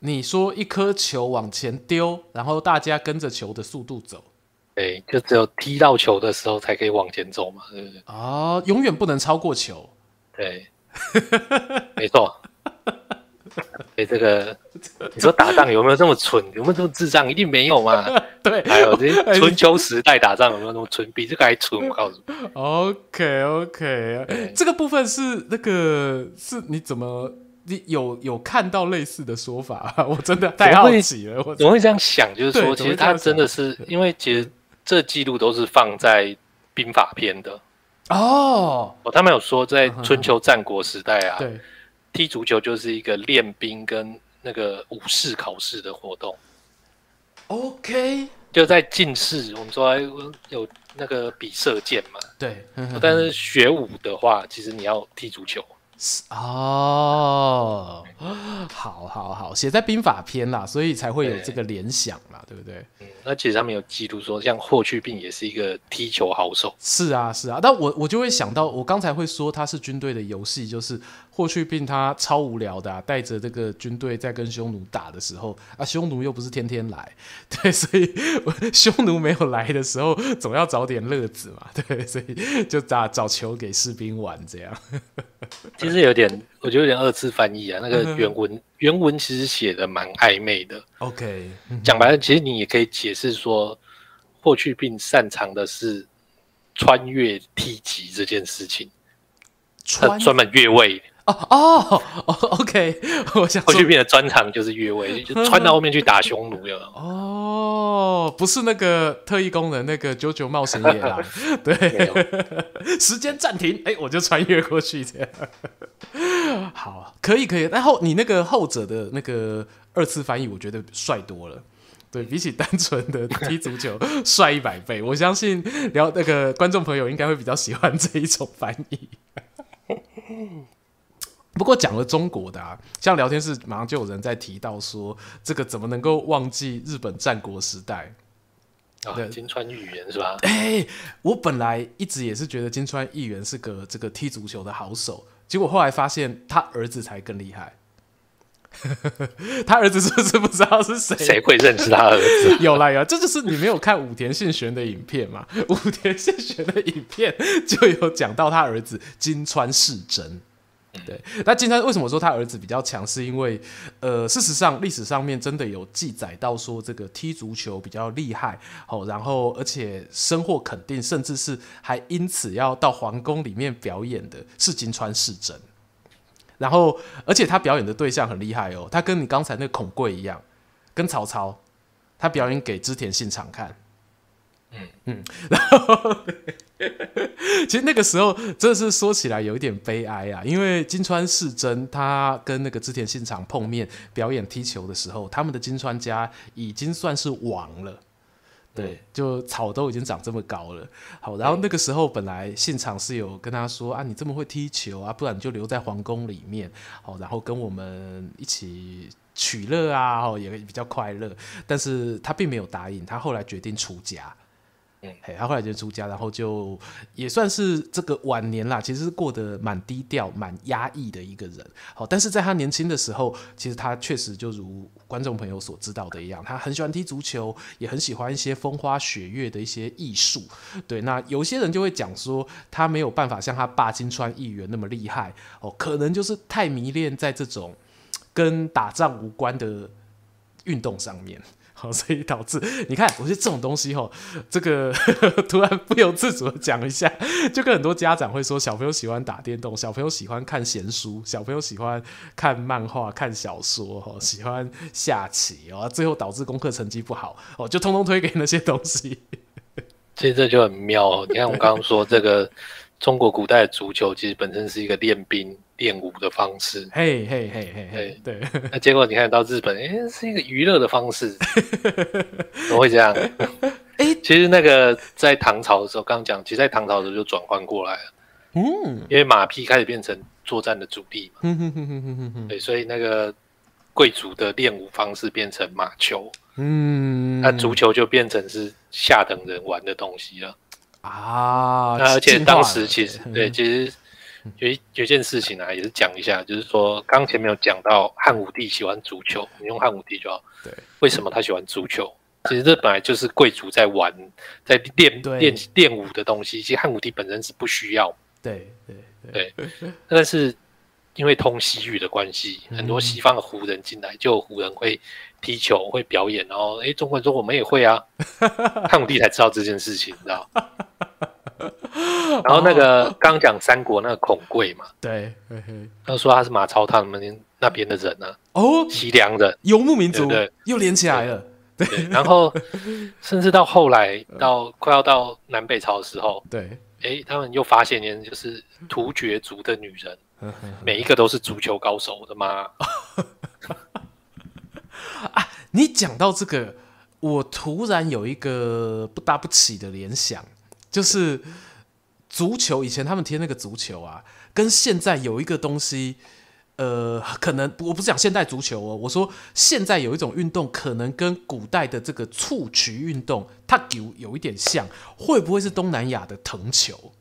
你說一顆球往前丟，然後大家跟着球的速度走，對，就只有踢到球的時候才可以往前走嘛，對不對？哦，永遠不能超過球，對， [LAUGHS] 沒錯。 [LAUGHS] 哎， [LAUGHS] 這個你說打仗有沒有這麼蠢？ [LAUGHS] 有沒有這麼智障？一定沒有嘛！ [LAUGHS] 對，還、哎、有這春秋時代打仗有沒有那麼蠢？比 [LAUGHS] 這個還蠢，我告訴你。OK，OK，okay, okay. 這個部分是那個是？你怎麼你有有看到類似的說法？ [LAUGHS] 我真的太好奇了，我我，我會這樣想，就是說，其實他真的是因為其實這記錄都是放在兵法篇的哦。哦，他們有說在春秋戰國時代啊， [LAUGHS] 對。踢足球就是一個練兵跟那個武士考試的活動。OK，就在進士，我們說有那個比射箭嘛。對，呵呵呵，但是學武的話，其實你要踢足球。哦，好好好，寫在兵法篇啦，所以才會有這個聯想啦，對不對？嗯，而且上面有記錄說，像霍去病也是一個踢球好手。是啊，是啊，但我我就會想到，我剛才會說他是軍隊的遊戲，就是。霍去病他超無聊的、啊，帶着這個軍隊在跟匈奴打的時候，啊，匈奴又不是天天來，對，所以匈奴沒有來的時候，總要找點樂子嘛，對，所以就打找球給士兵玩這樣。其實有點， [LAUGHS] 我覺得有點二次翻譯啊。那個原文、嗯、原文其實寫得蠻曖昧的。OK，講、嗯、白了，其實你也可以解釋說，霍去病擅長的是穿越梯級這件事情，穿、專門、呃、越位。嗯哦哦哦，OK，我想回去變的專長就是越位，就穿到後面去打匈奴哦，不是那個特異功能，那個、啊，《JOJO 冒險野郎》啦。對，時間暫停，哎、欸，我就穿越過去這樣。好，可以可以。那後你那個後者的那個二次翻譯，我覺得帥多了。對，比起單純的踢足球，帥一百倍。我相信聊那個觀眾朋友應該會比較喜歡這一種翻譯。 [LAUGHS] 不過講了中國的啊，像聊天室馬上就有人在提到說，這個怎麼能夠忘記日本戰國時代？啊，對今川義元是吧？哎、欸，我本來一直也是覺得今川義元是個這個踢足球的好手，結果後來發現他兒子才更厲害。 [LAUGHS] 他兒子是不是不知道是誰？誰會認識他兒子？ [LAUGHS] 有啦，有啦，這就是你沒有看武田信玄的影片嘛？武田信玄的影片就有講到他兒子今川氏真。對，那今川為什麼說他兒子比較強？是因為，呃，事實上歷史上面真的有記載到說這個踢足球比較厲害，哦，然後而且深獲肯定，甚至是還因此要到皇宮裡面表演的，是今川氏真。然後，而且他表演的對象很厲害哦，他跟你剛才那個孔桂一樣，跟曹操，他表演給織田信長看。嗯嗯，然後其實那個時候真的是說起來有一點悲哀啊，因為今川氏真他跟那個織田信長碰面表演踢球的時候，他們的今川家已經算是亡了，對、嗯，就草都已經長這麼高了。好，然後那個時候本來信長是有跟他說、嗯、啊，你這麼會踢球啊，不然你就留在皇宮裡面，好，然後跟我們一起取樂啊，也比較快樂。但是他並沒有答應，他後來決定出家。嗯，嘿，他後來就出家，然後就也算是這個晚年啦。其實是過得蠻低調、蠻壓抑的一個人。好、哦，但是在他年輕的時候，其實他確實就如觀眾朋友所知道的一樣，他很喜歡踢足球，也很喜歡一些風花雪月的一些藝術。對，那有些人就會講說，他沒有辦法像他爸今川義元那麼厲害哦，可能就是太迷戀在這種跟打仗無關的運動上面。好、哦，所以導致你看，我覺得這種東西吼、哦，這個呵呵突然不由自主的講一下，就跟很多家長會說，小朋友喜歡打電動，小朋友喜歡看閒書，小朋友喜歡看漫畫、看小說，哦、喜歡下棋哦，最後導致功課成績不好，哦，就通通推給那些東西。其實這就很妙哦，你看我剛剛說 [LAUGHS] 這個中國古代的足球，其實本身是一個練兵，練武的方式，嘿嘿嘿嘿，嘿對。那結果你看到日本，哎、 [LAUGHS] 欸，是一個娛樂的方式， [LAUGHS] 怎麼會這樣？ [LAUGHS] 其實那個在唐朝的時候，剛剛講，其實在唐朝的時候就轉換過來了，嗯，因為馬匹開始變成作戰的主力嘛，嗯、哼哼哼哼哼哼哼哼對，所以那個貴族的練武方式變成馬球，嗯，那足球就變成是下等人玩的東西了，啊，那而且當時其實、欸嗯、對，其實。有有件事情啊，也是講一下，就是說，剛前面有講到漢武帝喜歡足球，你用漢武帝就好。對，為什麼他喜歡足球？其實這本來就是貴族在玩，在練練練武的東西。其實漢武帝本身是不需要。對對對，但是因為通西域的關係，很多西方的胡人進來，就胡人會踢球、會表演，然後哎、欸，中國人說我們也會啊。漢 [LAUGHS] 武帝才知道這件事情，你知道。 [LAUGHS] [LAUGHS] 然後那個剛講三國那個孔貴嘛，對、oh. oh.，他說他是馬超他們那邊的人呢、啊，哦、oh.，西涼人，游牧民族，對，對，對，又連起來了，對，對對 [LAUGHS] 然後甚至到後來到快要到南北朝的時候，對，哎，他們又發現連就是突厥族的女人、oh.，每一個都是足球高手的嗎？ [LAUGHS] [LAUGHS] 啊，你講到這個，我突然有一個不搭不起的聯想。就是足球，以前他們踢那個足球啊，跟現在有一個東西，呃，可能我不是講現代足球哦、喔，我說現在有一種運動，可能跟古代的這個蹴鞠運動，它有有一點像，會不會是東南亞的藤球？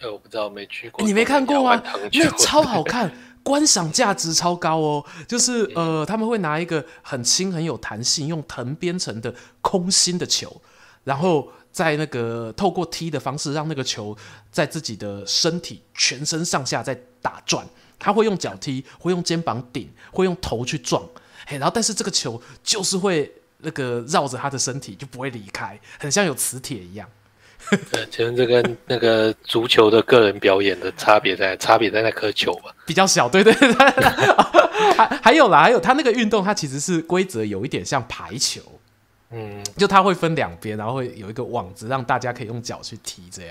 哎，我不知道，沒去過、欸，你沒看過嗎？那超好看， [LAUGHS] 觀賞價值超高哦、喔。就是呃，他們會拿一個很輕、很有彈性、用藤編成的空心的球，然後，嗯在那個透過踢的方式，讓那個球在自己的身體全身上下在打轉。他會用腳踢，會用肩膀頂，會用頭去撞。嘿，然後但是這個球就是會那個繞着他的身體就不會離開，很像有磁鐵一樣。請 [LAUGHS] 問，這跟那個足球的個人表演的差別在？差別在那顆球吧？比較小，對對對。還 [LAUGHS] [LAUGHS] 還有啦，還有他那個運動，它其實是規則有一點像排球。嗯，就它會分兩邊，然後會有一個網子，讓大家可以用腳去踢。這樣，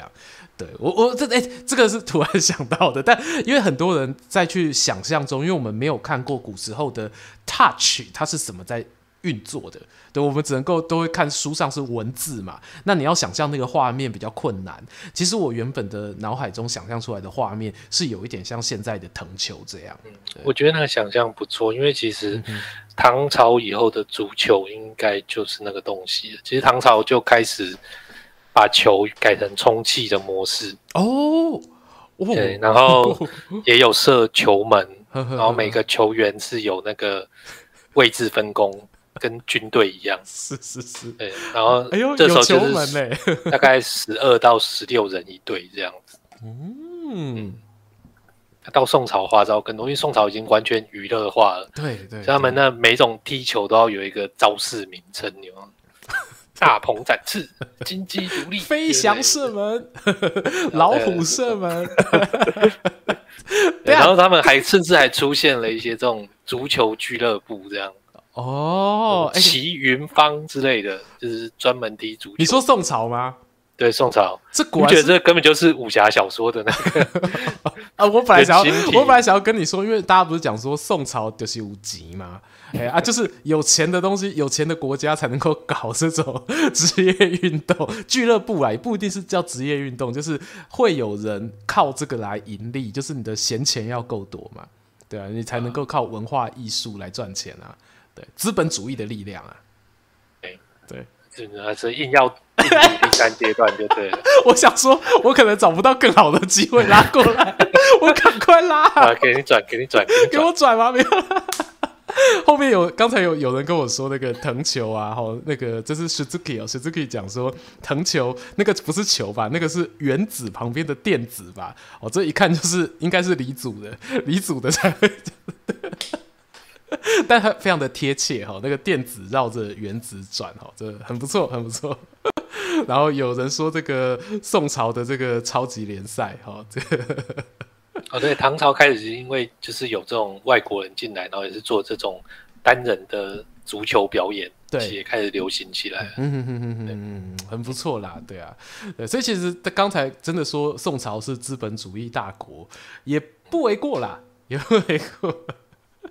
對我我這哎、欸，這個是突然想到的，但因為很多人在去想象中，因為我們沒有看過古時候的 touch，它是怎麼在。運作的，對，我們只能夠都會看書上是文字嘛，那你要想象那個畫面比較困難。其實我原本的腦海中想象出來的畫面是有一點像現在的藤球這樣。嗯，我覺得那個想象不錯，因為其實、嗯、唐朝以後的足球應該就是那個東西。其實唐朝就開始把球改成充氣的模式哦，哦，對，然後也有設球門，哦，然後每個球員是有那個位置分工。 [LAUGHS] 跟軍隊一樣，是是是，然後這，哎呦，候有球門呢、欸， [LAUGHS] 大概十二到十六人一隊這樣子。嗯，嗯到宋朝花招更多，因為宋朝已經完全娛樂化了。對對，對，對，他們那每種踢球都要有一個招式名稱，牛，大鵬展翅， [LAUGHS] 金雞獨立，飛翔射門， [LAUGHS] 老虎射門，然後對 [LAUGHS] [LAUGHS] 對。然後他們還甚至還出現了一些這種足球俱樂部這樣。哦、oh, 嗯，齊雲芳之類的、欸、就是專門踢足球。你說宋朝嗎？對，宋朝。這我覺得這根本就是武俠小說的那個 [LAUGHS] 啊！我本來想要，我本來想要跟你說，因為大家不是講說宋朝就是無極嘛，哎啊，就是有錢的東西，有錢的國家才能夠搞這種職業運動俱樂部啊，也不一定是叫職業運動，就是會有人靠這個來盈利，就是你的閒錢要夠多嘛，對啊，你才能夠靠文化藝術來賺錢啊。啊對，資本主義的力量啊，欸、對，只能是硬要，硬要第三階段就對了。 [LAUGHS] 我想說，我可能找不到更好的機會拉過來， [LAUGHS] 我趕快拉、啊啊。給你轉，給你轉，給，轉 [LAUGHS] 給我轉嗎？沒有。 [LAUGHS] 後面有，剛才有有人跟我說那個藤球啊，然那個這是 Shizuki 哦、喔、Shizuki 講說藤球那個不是球吧？那個是原子旁邊的電子吧？哦、喔，這一看就是應該是理組的，理組的才會。 [LAUGHS] [LAUGHS] 但它非常的貼切哈，那個電子繞着原子轉哈，這很不錯，很不錯。 [LAUGHS] 然後有人說這個宋朝的這個超級聯賽哈，這哦對，唐朝開始是因為就是有這種外國人進來，然後也是做這種單人的足球表演，對，也開始流行起來。嗯嗯，嗯，嗯，很不錯啦，對啊，對，所以其實他剛才真的說宋朝是資本主義大國，也不為過啦，也不為過。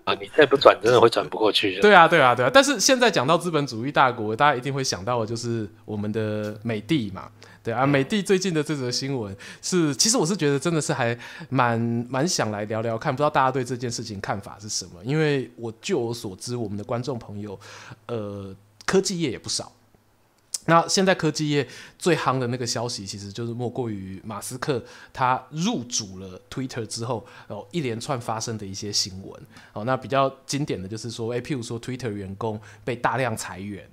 啊，你再不轉，真的會轉不過去。 [MUSIC] 對啊，對啊，對啊。但是現在講到資本主義大國，大家一定會想到的就是我們的美帝嘛。對啊，美帝最近的這則新聞是，其實我是覺得真的是還蠻蠻想來聊聊看，不知道大家對這件事情看法是什麼？因為我據我所知，我們的觀眾朋友，呃，科技業也不少。那現在科技業最夯的那個消息，其實就是莫過於馬斯克他入主了 Twitter 之後，然後一連串發生的一些新聞。哦，那比較經典的就是說，哎，譬如說 Twitter 員工被大量裁員，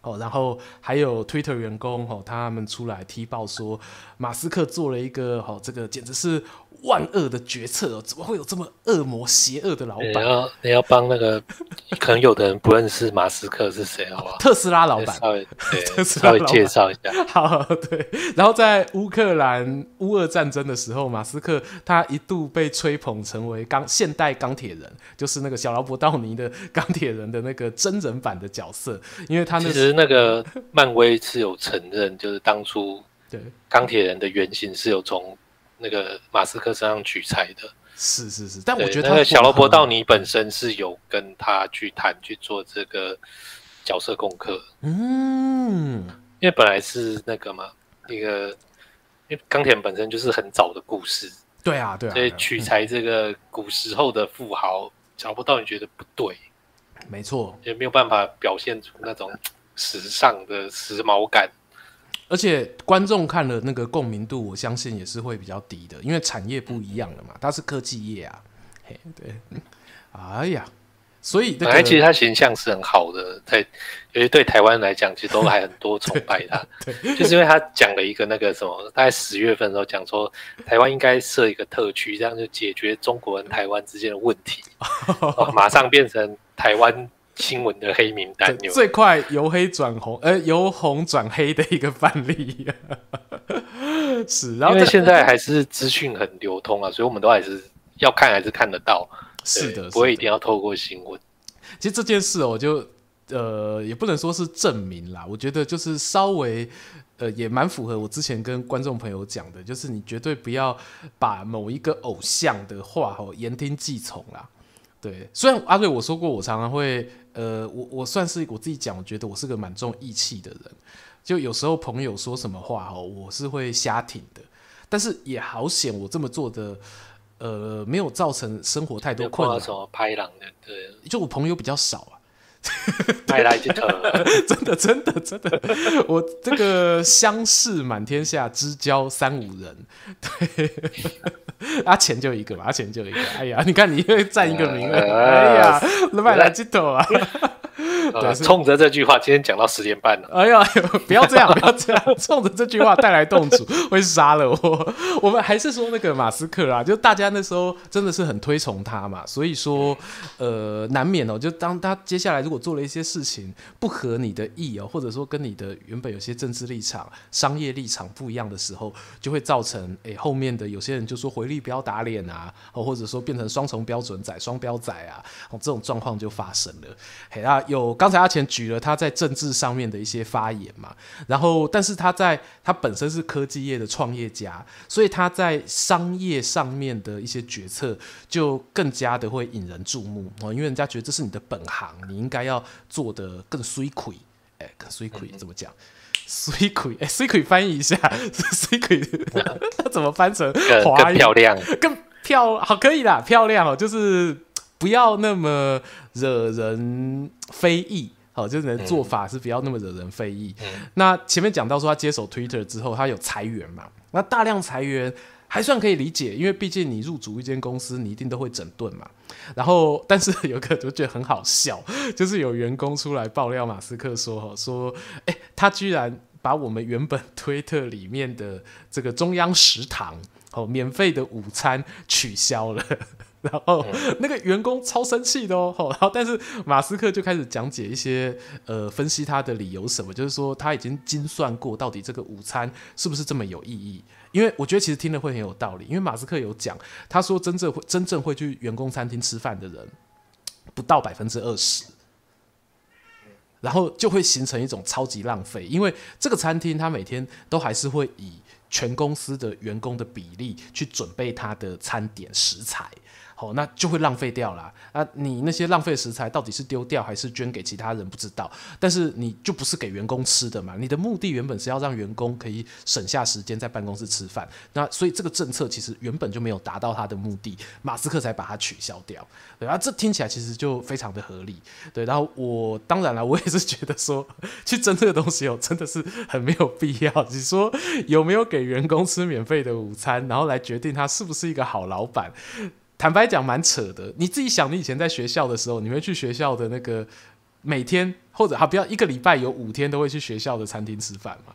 哦，然後還有 Twitter 員工哦，他們出來踢爆說馬斯克做了一個，吼，這個簡直是。萬惡的決策哦，怎麼會有這麼惡魔邪惡的老闆，嗯？你要你要幫那個， [LAUGHS] 可能有的人不認識馬斯克是誰，好不好？特斯拉老闆，特斯拉老闆，稍微介紹一下好。好，對。然後在烏克蘭烏俄戰爭的時候，馬斯克他一度被吹捧成為鋼現代鋼鐵人，就是那個小勞勃道尼的鋼鐵人的那個真人版的角色，因為他那其實那個漫威是有承認，就是當初對鋼鐵人的原型是有從。那個馬斯克身上取材的，是是是，但我覺得那個小羅伯道尼本身是有跟他去談去做這個角色功課。嗯，因為本來是那個嘛，那個因為鋼鐵本身就是很早的故事，對啊對啊。所以取材這個古時候的富豪，嗯、小羅伯道你覺得不對？沒錯，也沒有辦法表現出那種時尚的時髦感。而且觀眾看了那個共鳴度，我相信也是會比較低的，因為產業不一樣了嘛，它是科技業啊。嗯、嘿對，哎呀，所以本來，這個，其實他形象是很好的，在尤其對台灣來講，其實都還很多崇拜他、 [LAUGHS] 啊，就是因為他講了一個那個什麼，大概十月份的時候講說，台灣應該設一個特區，這樣就解決中國跟台灣之間的問題， [LAUGHS] 馬上變成台灣。新聞的黑名單，最快由黑轉紅， [LAUGHS] 呃，由紅轉黑的一個範例。 [LAUGHS] 是，然後、這個、因為現在還是資訊很流通啊，所以我們都還是要看，還是看得到。是的，所以一定要透過新聞。其實這件事、喔，我就呃，也不能說是證明啦。我覺得就是稍微呃，也蠻符合我之前跟觀眾朋友講的，就是你絕對不要把某一個偶像的話哦言聽計從啦。對，雖然阿瑞、啊、我說過，我常常會，呃，我我算是我自己講，我覺得我是個蠻重義氣的人，就有時候朋友說什麼話哦，我是會瞎挺的，但是也好險，我這麼做的，呃，沒有造成生活太多困難。拍狼的對，就我朋友比較少、啊。買 [LAUGHS] 來幾頭、啊？ [LAUGHS] 真的，真的，真的！我這個相識滿天下，知交三五人，對，阿、 [LAUGHS] 啊、錢就一個嘛，阿、啊、錢就一個。哎呀，你看你又佔一個名額、啊，哎呀，買來圾頭啊！ [LAUGHS] 呃、衝着這句話，今天講到十點半了。哎呀、哎，不要這樣，不要這樣，衝着這句話帶來動足會 [LAUGHS] 殺了我，我。我們還是說那個馬斯克啊，就大家那時候真的是很推崇他嘛，所以說，呃，難免哦。就當他接下來如果做了一些事情不合你的意哦，或者說跟你的原本有些政治立場、商業立場不一樣的時候，就會造成哎後面的有些人就說回力鏢打臉啊、哦，或者說變成雙重標準仔、雙標仔啊、哦，這種狀況就發生了。嘿、哎、啊，有。剛才阿錢舉了他在政治上面的一些發言嘛，然後，但是他在他本身是科技業的創業家，所以他在商業上面的一些決策就更加的會引人注目哦，因為人家覺得這是你的本行，你應該要做得更水虧，哎，更水虧怎麼講？水、嗯、虧，水虧翻譯一下，水虧，他、嗯、怎麼翻成？更，更漂亮，更漂好可以啦，漂亮哦，就是。不要那麼惹人非議，好、哦，就是做法是不要那麼惹人非議。嗯、那前面講到說他接手 Twitter 之後，他有裁員嘛？那大量裁員還算可以理解，因為畢竟你入主一間公司，你一定都會整頓嘛。然後，但是有個人覺得很好笑，就是有員工出來爆料，馬斯克說：“哈，說、欸、他居然把我們原本推特裡面的這個中央食堂，哦，免費的午餐取消了。”然後那個員工超生氣的哦，然後但是馬斯克就開始講解一些呃、分析他的理由什麼，就是說他已經精算過到底這個午餐是不是這麼有意義，因為我覺得其實聽了會很有道理，因為馬斯克有講，他說真正會，真正會去員工餐廳吃飯的人不到百分之二十，然後就會形成一種超級浪費，因為這個餐廳他每天都還是會以全公司的員工的比例去準備他的餐點食材。好、哦，那就會浪費掉了。啊，你那些浪費的食材到底是丟掉還是捐給其他人不知道。但是你就不是給員工吃的嘛？你的目的原本是要讓員工可以省下時間在辦公室吃飯。那所以這個政策其實原本就沒有達到他的目的，馬斯克才把它取消掉。對啊，這聽起來其實就非常的合理。對，然後我當然了，我也是覺得說去爭這個東西，哦，真的是很沒有必要。你說有沒有給員工吃免費的午餐，然後來決定他是不是一個好老闆？坦白講，蠻扯的。你自己想，你以前在學校的時候，你會去學校的那個每天，或者他不要一個禮拜有五天都會去學校的餐廳吃飯嗎？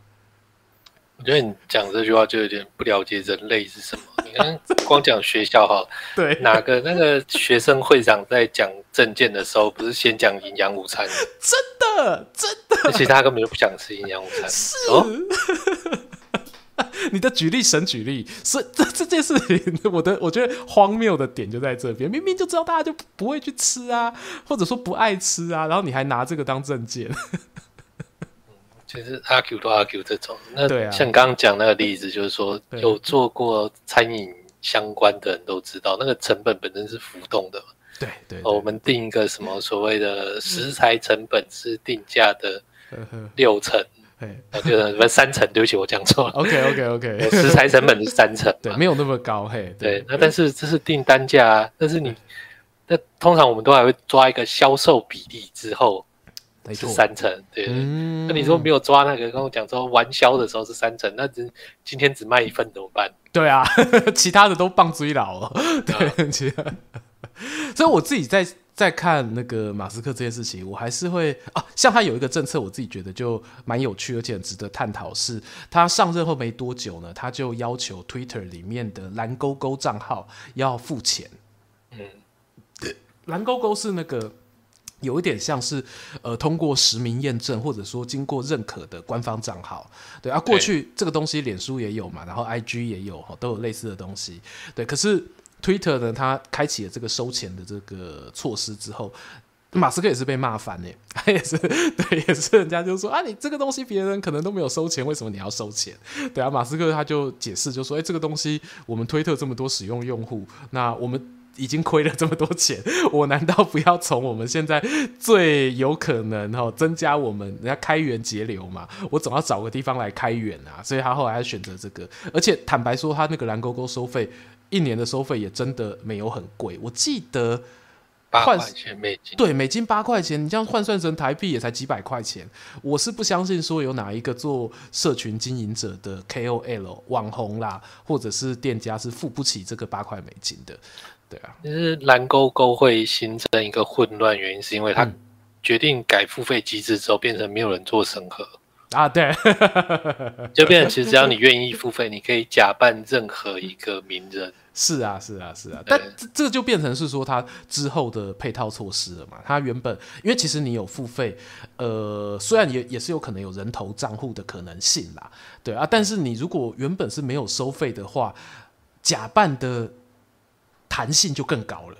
我覺得你講這句話就有點不了解人類是什麼。你看，光講學校哈， [LAUGHS] 對，哪個那個學生會長在講政見的時候，不是先講營養午餐？ [LAUGHS] 真的，真的，其他根本就不想吃營養午餐，是。哦 [LAUGHS] 你的舉例神舉例，所以這這件事情，我的我覺得荒謬的點就在這邊，明明就知道大家就不會去吃啊，或者說不愛吃啊，然後你還拿這個當證件。嗯，其實阿 Q 都阿 Q 這種，那對、啊、像剛剛講那個例子，就是說、啊、有做過餐飲相關的人都知道，那個成本本身是浮動的對。對對,對,對、哦，我們定一個什麼所謂的食材成本是定價的六成。 [LAUGHS] 嗯 [LAUGHS] 哎、 [NOISE] [NOISE] [NOISE] 哦，就是什麼三成？對不起，我講錯了。OK OK OK， [LAUGHS] 食材成本是三成，對，沒有那麼高。嘿，對，對對那但是這是訂單價、啊，但是你那通常我們都還會抓一個銷售比例之後是三成。對,對。那、嗯、你說沒有抓那個，剛剛講說完銷的時候是三成，那今天只賣一份怎麼辦？對啊，呵呵其他的都棒追佬。對、嗯其他，所以我自己在。再看那個馬斯克這件事情，我還是會啊，像他有一個政策，我自己覺得就蠻有趣，而且值得探討。是他上任後沒多久呢，他就要求 Twitter 裡面的藍勾勾賬號要付錢。嗯，對，藍勾勾是那個有一點像是呃通過實名驗證或者說經過認可的官方賬號。對啊，過去這個東西臉書也有嘛，然後 IG 也有哈，都有類似的東西。對，可是。推特呢，他開啟了這個收錢的這個措施之後，嗯、馬斯克也是被罵翻誒，他也是對，也是人家就說啊，你這個東西別人可能都沒有收錢，為什麼你要收錢？對啊，馬斯克他就解釋就說，誒、欸，這個東西我們推特這麼多使用用戶，那我們已經虧了這麼多錢，我難道不要從我們現在最有可能哈增加我們人家開源節流嘛？我總要找個地方來開源啊，所以他後來選擇這個。而且坦白說，他那個藍勾勾收費。一年的收費也真的沒有很貴，我記得八塊錢美金，對，美金八塊錢，你這樣換算成台幣也才幾百塊錢。我是不相信說有哪一個做社群經營者的 KOL 網紅啦，或者是店家是付不起這個八塊美金的。對啊，其實藍勾勾會形成一個混亂，原因是因為他決定改付費機制之後，變成沒有人做審核啊，對、嗯，就變成其實只要你願意付費，你可以假扮任何一個名人。是啊，是啊，是啊，但這這就變成是說他之後的配套措施了嘛。他原本因為其實你有付費，呃，雖然也也是有可能有人頭賬戶的可能性啦，對啊，但是你如果原本是沒有收費的話，假扮的彈性就更高了。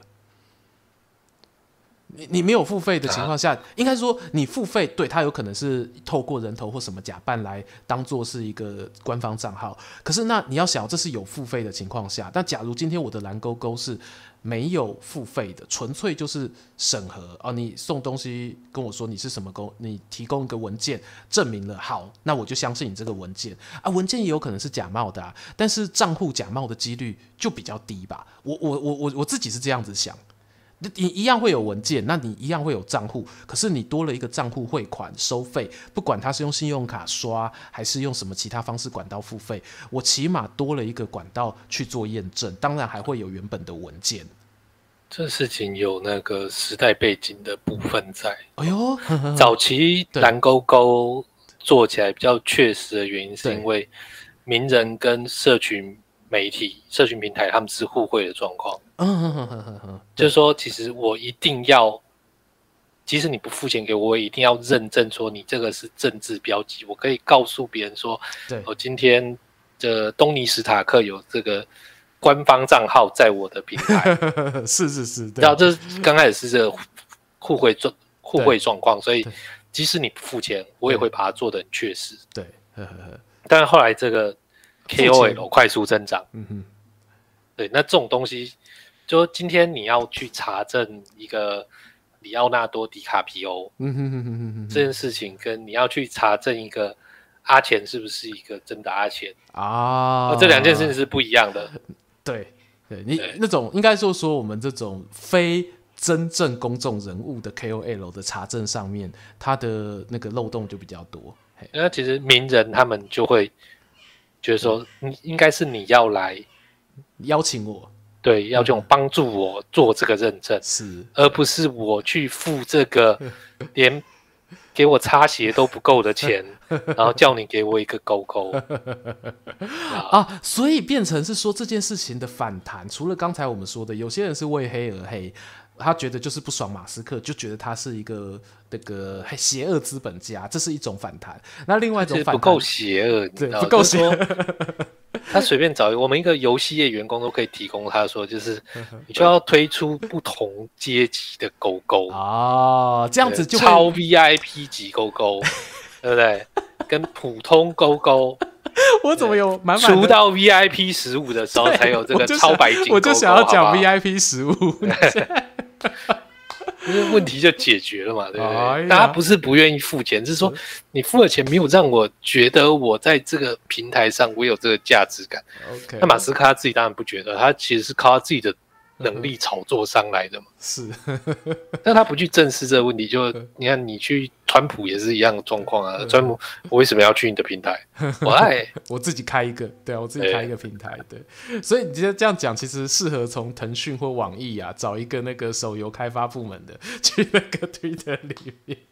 你你沒有付費的情況下，啊、應該說你付費對他有可能是透過人頭或什麼假扮來當做是一個官方賬號。可是那你要想，這是有付費的情況下。但假如今天我的藍勾勾是沒有付費的，純粹就是審核哦、啊，你送東西跟我說你是什麼勾，你提供一個文件證明了，好，那我就相信你這個文件啊。文件也有可能是假冒的、啊，但是賬戶假冒的幾率就比較低吧。我我我我我自己是這樣子想。你一樣會有文件，那你一樣會有賬戶，可是你多了一個賬戶匯款收費，不管他是用信用卡刷還是用什麼其他方式管道付費，我起碼多了一個管道去做驗證，當然還會有原本的文件。這事情有那個時代背景的部分在。哎呦， [LAUGHS] 早期藍勾勾做起來比較確實的原因，是因為名人跟社群。媒體、社群平台，他們是互惠的狀況。嗯就是說，其實我一定要，即使你不付錢給我，我也一定要認證說你這個是政治標記，我可以告訴別人說，我今天的東尼史塔克有這個官方賬號在我的平台。是是是，然後這剛開始是這個互惠狀互惠狀況，所以即使你不付錢，我也會把它做的很確實。對，但後來這個。KOL 快速增長，嗯哼，對，那這種東西，就今天你要去查證一個李奧納多·狄卡皮歐，嗯哼哼，哼哼哼哼，這件事情跟你要去查證一個阿錢是不是一個真的阿錢啊，這兩件事情是不一樣的。啊、對，對你對那種應該說說，我們這種非真正公眾人物的 KOL 的查證上面，它的那個漏洞就比較多。那其實名人他們就會。就是說，應該是你要來、嗯、邀請我，對，要這種幫助我做這個認證、嗯，是，而不是我去付這個連給我擦鞋都不夠的錢， [LAUGHS] 然後叫你給我一個勾勾 [LAUGHS] 啊，啊，所以變成是說這件事情的反彈，除了剛才我們說的，有些人是為黑而黑。他覺得就是不爽馬斯克，就覺得他是一個那個邪惡資本家，這是一種反彈。那另外一種反彈不夠邪惡，你知道嗎？對，不夠邪惡。就是、說 [LAUGHS] 他隨便找一個我們一個遊戲業員工都可以提供他說，就是你就要推出不同階級的勾勾哦，這樣子就超 VIP 級勾勾，對不對？ [LAUGHS] 跟普通勾勾， [LAUGHS] 我怎麼有滿滿？出到 VIP 十五的時候才有這個超白金勾勾我，就我就想要講 VIP 十五。 [LAUGHS] [LAUGHS] 不 [LAUGHS] 是問題就解決了嘛？ [LAUGHS] 對不對？大、oh, 家、yeah. 不是不願意付錢，就是說你付了錢沒有讓我覺得我在這個平台上我有這個價值感。Okay. 那馬斯克他自己當然不覺得，他其實是靠他自己的能力炒作上來的嘛。是， [LAUGHS] 但他不去正視這個問題，就你看你去川普也是一樣的狀況啊。 [LAUGHS] 川普，我為什麼要去你的平台？ [LAUGHS] 我愛我自己開一個，對、啊、我自己開一個平台。對，對對所以你覺得這樣講，其實適合從騰訊或網易啊，找一個那個手遊開發部門的去那個推特裡面。 [LAUGHS]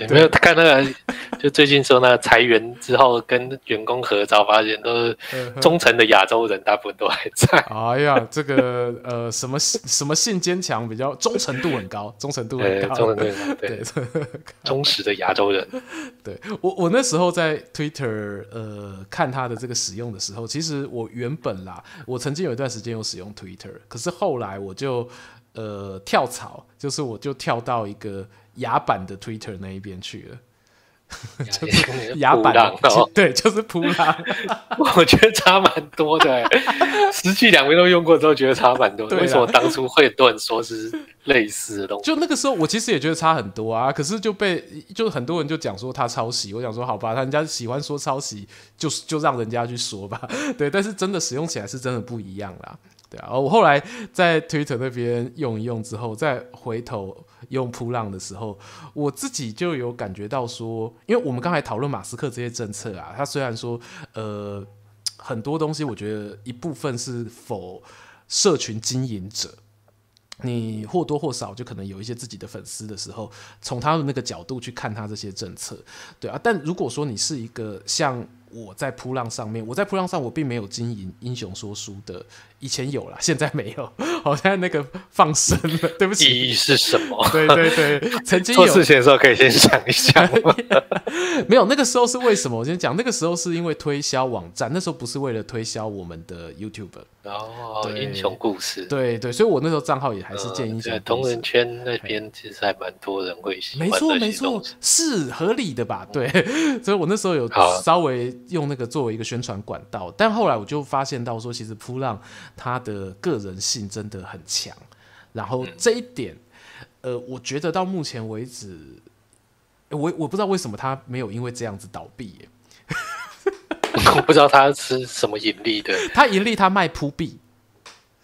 有沒有他看那個？ [LAUGHS] 就最近說那個裁員之後跟員工合照，發現都是忠誠的亞洲人，大部分都還在。 [LAUGHS] 哎呀，這個呃，什麼什麼？性堅強，比較忠誠度很高，忠誠度很高，欸對，對，忠實的亞洲人。 [LAUGHS] 對，我，我那時候在 Twitter 呃看他的這個使用的時候，其實我原本啦，我曾經有一段時間有使用 Twitter，可是後來我就呃跳槽，就是我就跳到一個亞版的 Twitter 那一邊去了。 [LAUGHS] 就是牙板，對，就是撲啦。我覺得差蠻多的、欸， [LAUGHS] 實際兩邊都用過之後，覺得差蠻多的。為什麼當初會很多人說是類似的東西？就那個時候，我其實也覺得差很多啊，可是就被就很多人就講說他抄襲。我想說，好吧，人家喜歡說抄襲，就就讓人家去說吧。對，但是真的使用起來是真的不一樣啦。對啊，我後來在 Twitter 那邊用一用之後，再回頭。用噗浪的時候，我自己就有感覺到說，因為我們剛才討論馬斯克這些政策啊，他雖然說，呃，很多東西我覺得一部分是 for 社群經營者，你或多或少就可能有一些自己的粉絲的時候，從他的那個角度去看他這些政策，對啊，但如果說你是一個像我在噗浪上面，我在噗浪上我並沒有經營英雄說書的。以前有了，現在沒有。好像那個放生了，對不起。意義是什麼？ [LAUGHS] 對對對，曾經有事前的時候可以先想一想。 [LAUGHS] yeah. 沒有，那個時候是為什麼？我先講，那個時候是因為推銷網站，那時候不是為了推銷我們的 YouTuber，哦哦。哦，英雄故事。對對，所以我那時候賬號也還是建議在，嗯，同人圈那邊，其實還蠻多人會寫。沒錯沒錯，是合理的吧，嗯？對，所以我那時候有稍微用那個作為一個宣傳管道，啊，但後來我就發現到說，其實噗浪。他的個人性真的很強，然後這一點、嗯，呃，我覺得到目前為止，我我不知道為什麼他沒有因為這樣子倒閉耶， [LAUGHS] 我不知道他是什麼盈利的，他盈利他賣鋪幣，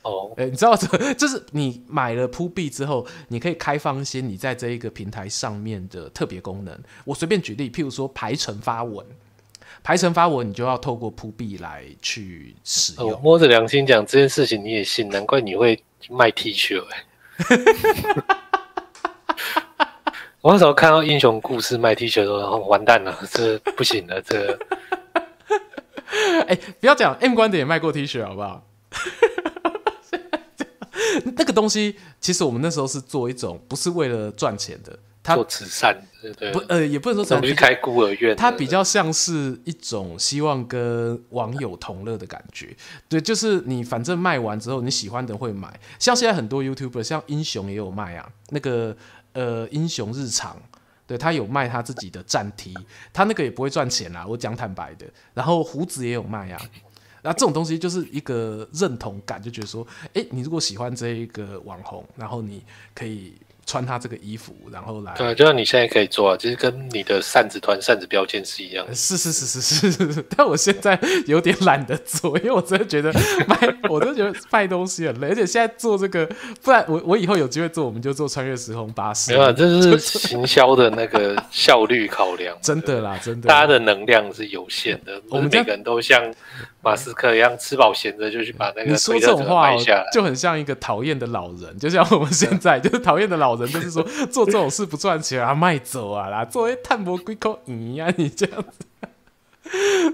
哦，哎、欸，你知道這，就是你買了鋪幣之後，你可以開放一些你在這一個平台上面的特別功能。我隨便舉例，譬如說排程發文。排成發文，你就要透過鋪幣來去使用。哦、摸着良心講，這件事情你也信，難怪你會賣 T 恤、欸。 [LAUGHS] [LAUGHS] 我那時候看到英雄故事賣 T 恤，的時候完蛋了，這不行了，這。哎、 [LAUGHS] 欸，不要講，M 觀點也賣過 T 恤，好不好？ [LAUGHS] 那個東西其實我們那時候是做一種，不是為了賺錢的。他做慈善，對不對，呃，也不能說慈善去開孤兒院，他比較像是一種希望跟網友同樂的感覺，對，就是你反正賣完之後你喜歡的會買，像現在很多 YouTuber 像英雄也有賣啊，那個呃英雄日常對他有賣他自己的站 T，他那個也不會賺錢啦，我講坦白的，然後鬍子也有賣啊，那這種東西就是一個認同感，就覺得說，哎，你如果喜歡這一個網紅，然後你可以。穿他這個衣服，然後來對、啊，就像你現在可以做啊，其、就、實、是、跟你的扇子團、嗯、扇子標籤是一樣的。是是是是是，但我現在有點懶得做，因為我真的覺得賣， [LAUGHS] 我真的覺得賣東西很累，而且現在做這個，不然我我以後有機會做，我們就做穿越時空巴士。沒有、啊，這是行銷的那個效率考量， [LAUGHS] 真的啦，真的，大家的能量是有限的，我 [LAUGHS] 們每個人都像。馬斯克一樣吃飽閒着就去把那個，個你說這種話、哦、就很像一個討厭的老人，就像我們現在就是討厭的老人，就是說 [LAUGHS] 做這種事不賺錢啊，賣走啊啦，作為探博歸口，你呀，你這樣子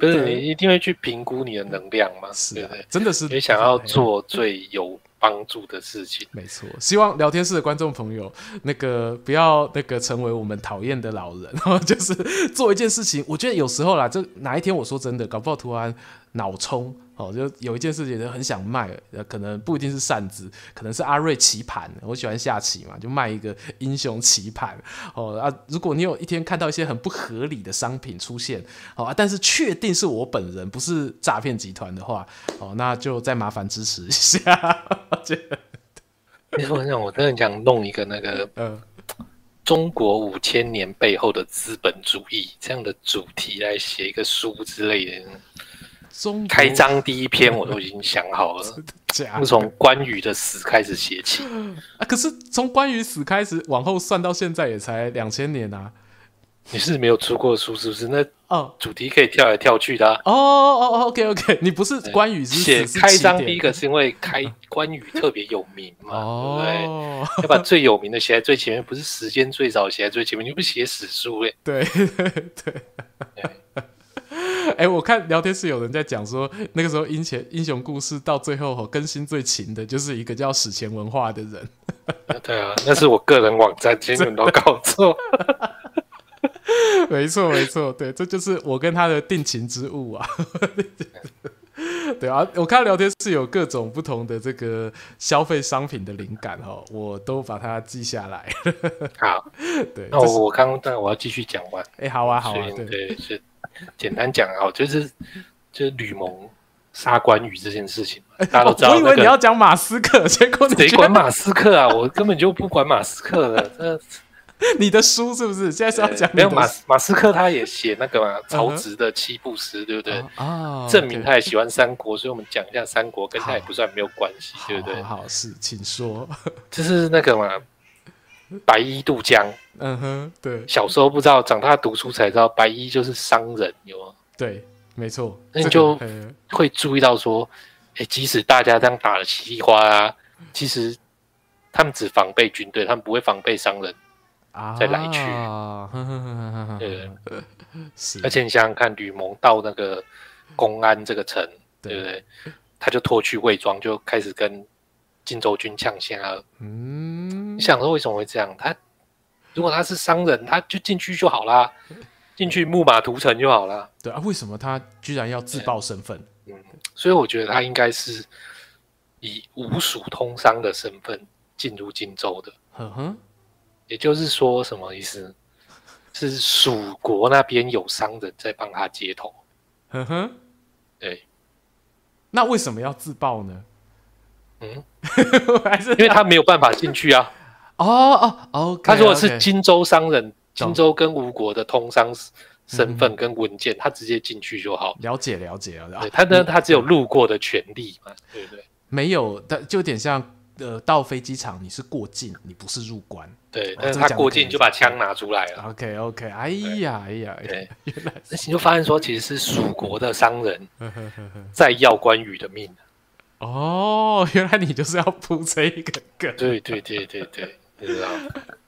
不是對你一定會去評估你的能量嗎？是、啊對對，真的是你想要做最有幫助的事情， [LAUGHS] 沒錯。希望聊天室的觀眾朋友那個不要那個成為我們討厭的老人， [LAUGHS] 就是做一件事情。我覺得有時候啦，就哪一天我說真的，搞不好突然。腦充哦，就有一件事情就很想賣，呃，可能不一定是扇子，可能是阿瑞棋盤。我喜歡下棋嘛，就賣一個英雄棋盤哦啊！如果你有一天看到一些很不合理的商品出現，哦，啊、但是確定是我本人不是詐騙集團的話，哦，那就再麻煩支持一下。 [LAUGHS] [LAUGHS] 其實我很想，我真的想弄一個那個呃、嗯，中國五千年背後的資本主義這樣的主題來寫一個書之類的。開章第一篇我都已經想好了，就 [LAUGHS] 從關羽的死開始寫起啊！可是從關羽死開始往後算到現在也才兩千年啊！你是沒有出過書，是不是？那哦，主題可以跳來跳去的，啊。哦哦，哦，OK OK，你不是關羽是寫開章第一個是因為開關羽特別有名嘛？ [LAUGHS] 哦、對，對 [LAUGHS] 要把最有名的寫在最前面，不是時間最早寫在最前面？你不寫史書哎？對對。對對哎、欸，我看聊天室有人在講說，那個時候英雄英雄故事到最後吼，更新最勤的就是一個叫史前文化的人。對啊，那是我個人網站，基本上都搞錯。 [LAUGHS] 沒錯沒錯，對，這就是我跟他的定情之物啊。 [LAUGHS] 對啊，我看聊天室有各種不同的這個消費商品的靈感哈，我都把它記下來。 [LAUGHS] 好對，那我但我剛剛我要繼續講完。哎、欸，好啊，好啊，對對是。 [LAUGHS] 簡單講啊，就是就是呂蒙殺關羽這件事情，大家都知道，那個欸。我以為你要講馬斯克，結果誰管馬斯克啊？ [LAUGHS] 我根本就不管馬斯克的。這、 [LAUGHS] 呃、你的書是不是？現在是要講、欸、沒有馬馬斯克，他也寫那個嘛，曹植的七步詩，uh -huh. 對不對啊？Uh -huh. 證明他也喜歡三國，uh -huh. 所以我們講一下三國，跟他也不算沒有關係， [LAUGHS] 對不對？好，好，好，是，請說。就是那個嘛。白衣渡江，嗯哼，對，小時候不知道，長大讀書才知道，白衣就是商人，有嗎？對，沒錯，那你就會注意到說，哎、這個欸欸，即使大家這樣打了稀里嘩啦，啊，其實他們只防備軍隊，他們不會防備商人啊，再來去啊，對對？而且你想想看，呂蒙到那個公安這個城，對不對？他就脫去偽裝，就開始跟。荊州軍搶先了。嗯，你想說為什麼會這樣？他如果他是商人，他就進去就好啦，進去木馬屠城就好啦。對啊，為什麼他居然要自爆身份、欸？嗯，所以我覺得他應該是以吳蜀通商的身份進入荊州的。呵、嗯、哼，也就是說什麼意思？是蜀國那邊有商人在幫他接頭？呵、嗯、哼、嗯，對。那為什麼要自爆呢？嗯， [LAUGHS] 還是因為他沒有辦法進去啊。哦哦，他如果是荊州商人，荊、okay. 州跟吳國的通商身份跟文件，嗯嗯，他直接進去就好。了解了解啊，對，他呢、嗯，他只有路過的權利嘛。嗯、對，對對，沒有，他就有點像呃，到飛機場，你是過境，你不是入關。對，哦、但是他過境就把槍拿出來了。啊、OK OK，哎呀哎呀，原來你就發現說，其實是蜀國的商人在要關羽的命。 [LAUGHS] [LAUGHS] 哦、oh，，原來你就是要鋪這一個梗。對對對對對，對對對 [LAUGHS] 你知道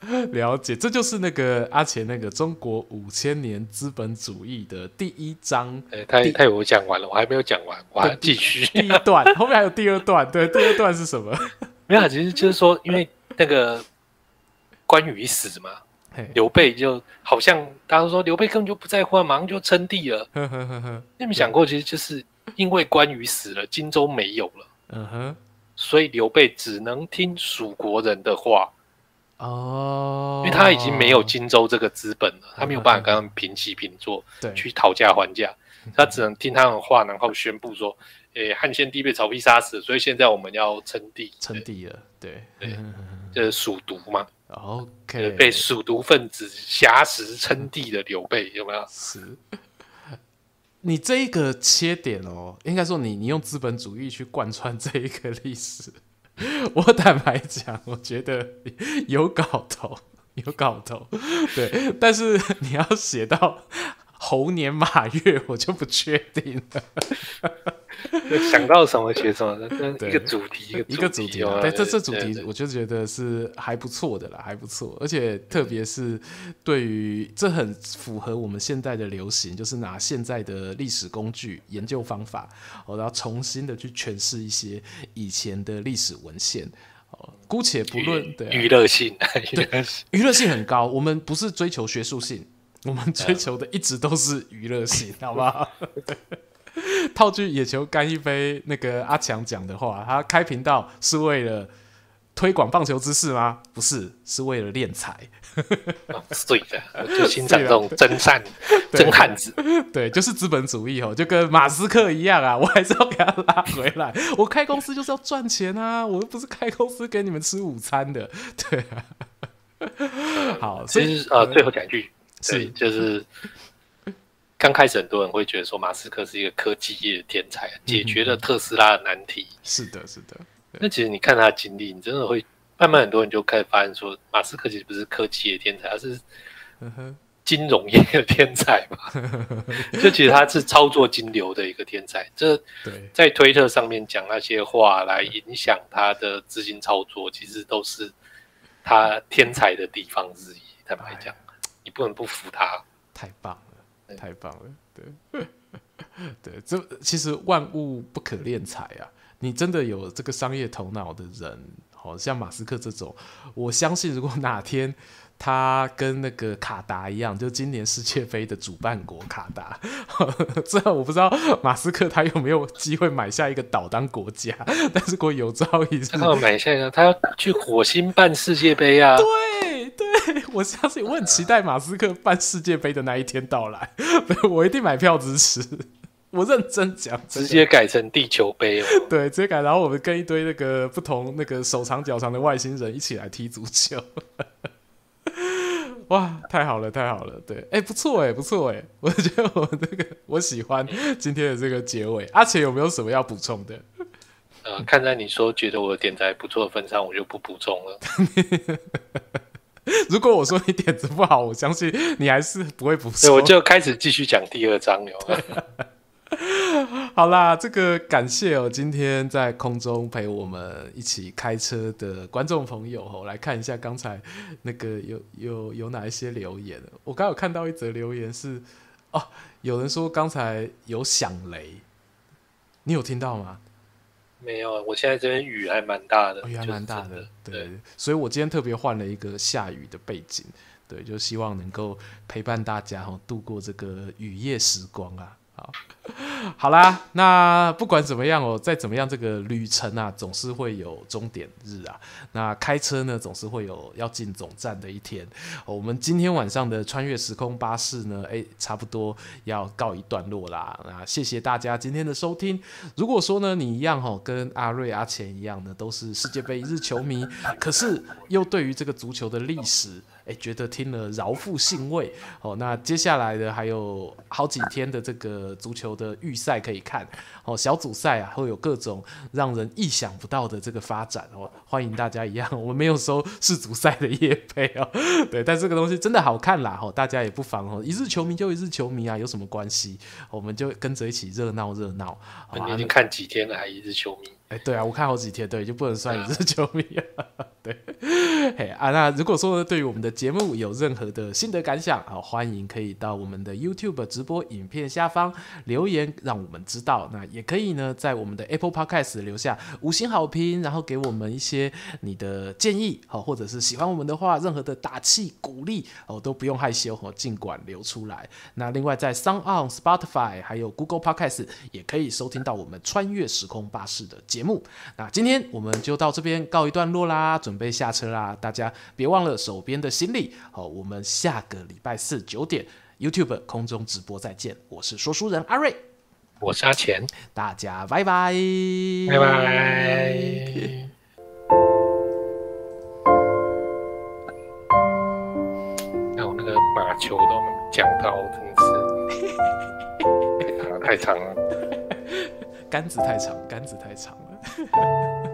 嗎？了解，這就是那個阿錢那個《中國五千年資本主義》的第一章。哎、欸，他他有講完了，我還沒有講完，我還繼續。第，第一段 [LAUGHS] 後面還有第二段，對， [LAUGHS] 第二段是什麼？沒有、啊，其實就是說， [LAUGHS] 因為那個關羽一死嘛，欸、劉備就好像大家都說劉備根本就不在乎，馬上就稱帝了。呵呵呵，你有沒有想過，其實就是。因為關羽死了，荊州沒有了，嗯哼，所以劉備只能聽蜀國人的話，哦、uh -huh.，因為他已經沒有荊州這個資本了，uh -huh. 他沒有辦法跟他們平起平坐，對、uh -huh.，去討價還價，他只能聽他們的話，然後宣布說，誒、uh -huh. 欸，漢獻帝被曹丕殺死，所以現在我們要稱帝，稱帝了，對對，這是、uh -huh. 蜀毒嘛，uh -huh. 被蜀毒分子挾持稱帝的劉備、uh -huh. 有沒有？你這一個切點哦，應該說你你用資本主義去貫穿這一個歷史， [LAUGHS] 我坦白講，我覺得有搞頭，有搞頭，對， [LAUGHS] 但是你要寫到。猴年馬月我就不確定了 [LAUGHS] 就想到什麼寫什麼， [LAUGHS] 一個主題一個主題，對，對，對，對，對，對，對，這這主題我就覺得是還不錯的啦，還不錯，而且特別是對於這很符合我們現在的流行，就是拿現在的歷史工具、研究方法，我要重新的去詮釋一些以前的歷史文獻、呃。姑且不論對娛樂性，娛樂性， [LAUGHS] 娛樂性很高，我們不是追求學術性。我們追求的一直都是娛樂性，好不好？ [LAUGHS] 套句野球乾一杯。那個阿強講的話，他開頻道是為了推廣棒球知識嗎？不是，是為了斂財。對、啊、的， [LAUGHS] 就欣賞這種真善真漢子對。對，就是資本主義哦，就跟馬斯克一樣啊，我還是要給他拉回來。我開公司就是要賺錢啊，我又不是開公司給你們吃午餐的。對，嗯、好，所以呃，最後講一句。對，就是剛開始很多人會覺得說馬斯克是一個科技業的天才，解決了特斯拉的難題。是的，是的。那其實你看他的經歷，你真的會慢慢很多人就開始發現說，馬斯克其實不是科技業的天才，而是嗯哼金融業的天才吧？這 [LAUGHS] 其實他是操作金流的一個天才。這 [LAUGHS] 在推特上面講那些話來影響他的資金操作，其實都是他天才的地方之一。坦白講。 [LAUGHS] 你不能不服他，太棒了，太棒了，對 [LAUGHS] 對，這其實萬物不可斂財啊。你真的有這個商業頭腦的人，好、哦、像馬斯克這種，我相信如果哪天他跟那個卡達一樣，就今年世界盃的主辦國卡達，這我不知道馬斯克他有沒有機會買下一個島當國家，但是如果有朝一日他要買下一個，他要去火星辦世界盃啊，對。對，我相信，我很期待馬斯克辦世界杯的那一天到來。 [LAUGHS] 我一定買票支持，我認真講，直接改成地球杯哦。對，直接改，然後我們跟一堆那個不同那個手長腳長的外星人一起來踢足球。 [LAUGHS] 哇，太好了，太好了。對，哎、欸，不錯哎、欸，不錯哎、欸，我覺得我這個我喜歡今天的這個結尾。阿杰有沒有什麼要補充的？呃、看在你說覺得我的點子不錯的份上，我就不補充了。 [LAUGHS] [LAUGHS] 如果我說你點子不好，我相信你還是不會不。對，我就開始繼續講第二章了。 [LAUGHS] 對啊、 [LAUGHS] 好啦，這個感謝哦、喔，今天在空中陪我們一起開車的觀眾朋友哦、喔，來看一下剛才那個有有有哪一些留言。我剛剛有看到一則留言是哦、喔，有人說剛才有響雷，你有聽到嗎？沒有，我現在這邊雨還蠻大的，雨還蠻大的，就是真的，對，對，所以我今天特別換了一個下雨的背景，對，就希望能夠陪伴大家度過這個雨夜時光啊，好。好啦，那不管怎麼樣哦，再怎麼樣，這個旅程啊，總是會有終點日啊。那開車呢，總是會有要進總站的一天，哦。我們今天晚上的穿越時空巴士呢，哎、欸，差不多要告一段落啦。那謝謝大家今天的收聽。如果說呢，你一樣哈，哦，跟阿瑞阿錢一樣呢，都是世界杯一日球迷，可是又對於這個足球的歷史，哎、欸，覺得聽了饒富興味哦。那接下來的還有好幾天的這個足球的預。比賽可以看。哦，小組賽啊，會有各種讓人意想不到的這個發展哦，歡迎大家一樣，我們沒有收世足賽的業配哦。對，但這個東西真的好看啦，哦，大家也不妨哦，一日球迷就一日球迷啊，有什麼關係？我們就跟着一起熱鬧熱鬧。嗯哦、你已經看幾天了還一日球迷？哎，對啊，我看好幾天，對，就不能算一日球迷啊， [LAUGHS] 對，嘿啊，那如果說呢，對於我們的節目有任何的心得感想啊、哦，歡迎可以到我們的 YouTube 直播影片下方留言，讓我們知道那。也可以呢，在我們的 Apple Podcast 留下五星好評，然後給我們一些你的建議，好，或者是喜歡我們的話，任何的打氣鼓勵哦都不用害羞，哦盡管留出來。那另外在 SoundOn、Spotify，還有 Google Podcast 也可以收聽到我們穿越時空巴士的節目。那今天我們就到這邊告一段落啦，準備下車啦，大家別忘了手邊的行李，好，我們下個禮拜四九點 YouTube 空中直播再見，我是說書人阿瑞。我是阿錢，大家拜拜，拜拜。那、okay. [MUSIC] 我那個馬球都講到，真 [LAUGHS] 是、啊、太長了，杆 [LAUGHS] 子太長，杆子太長了。 [LAUGHS]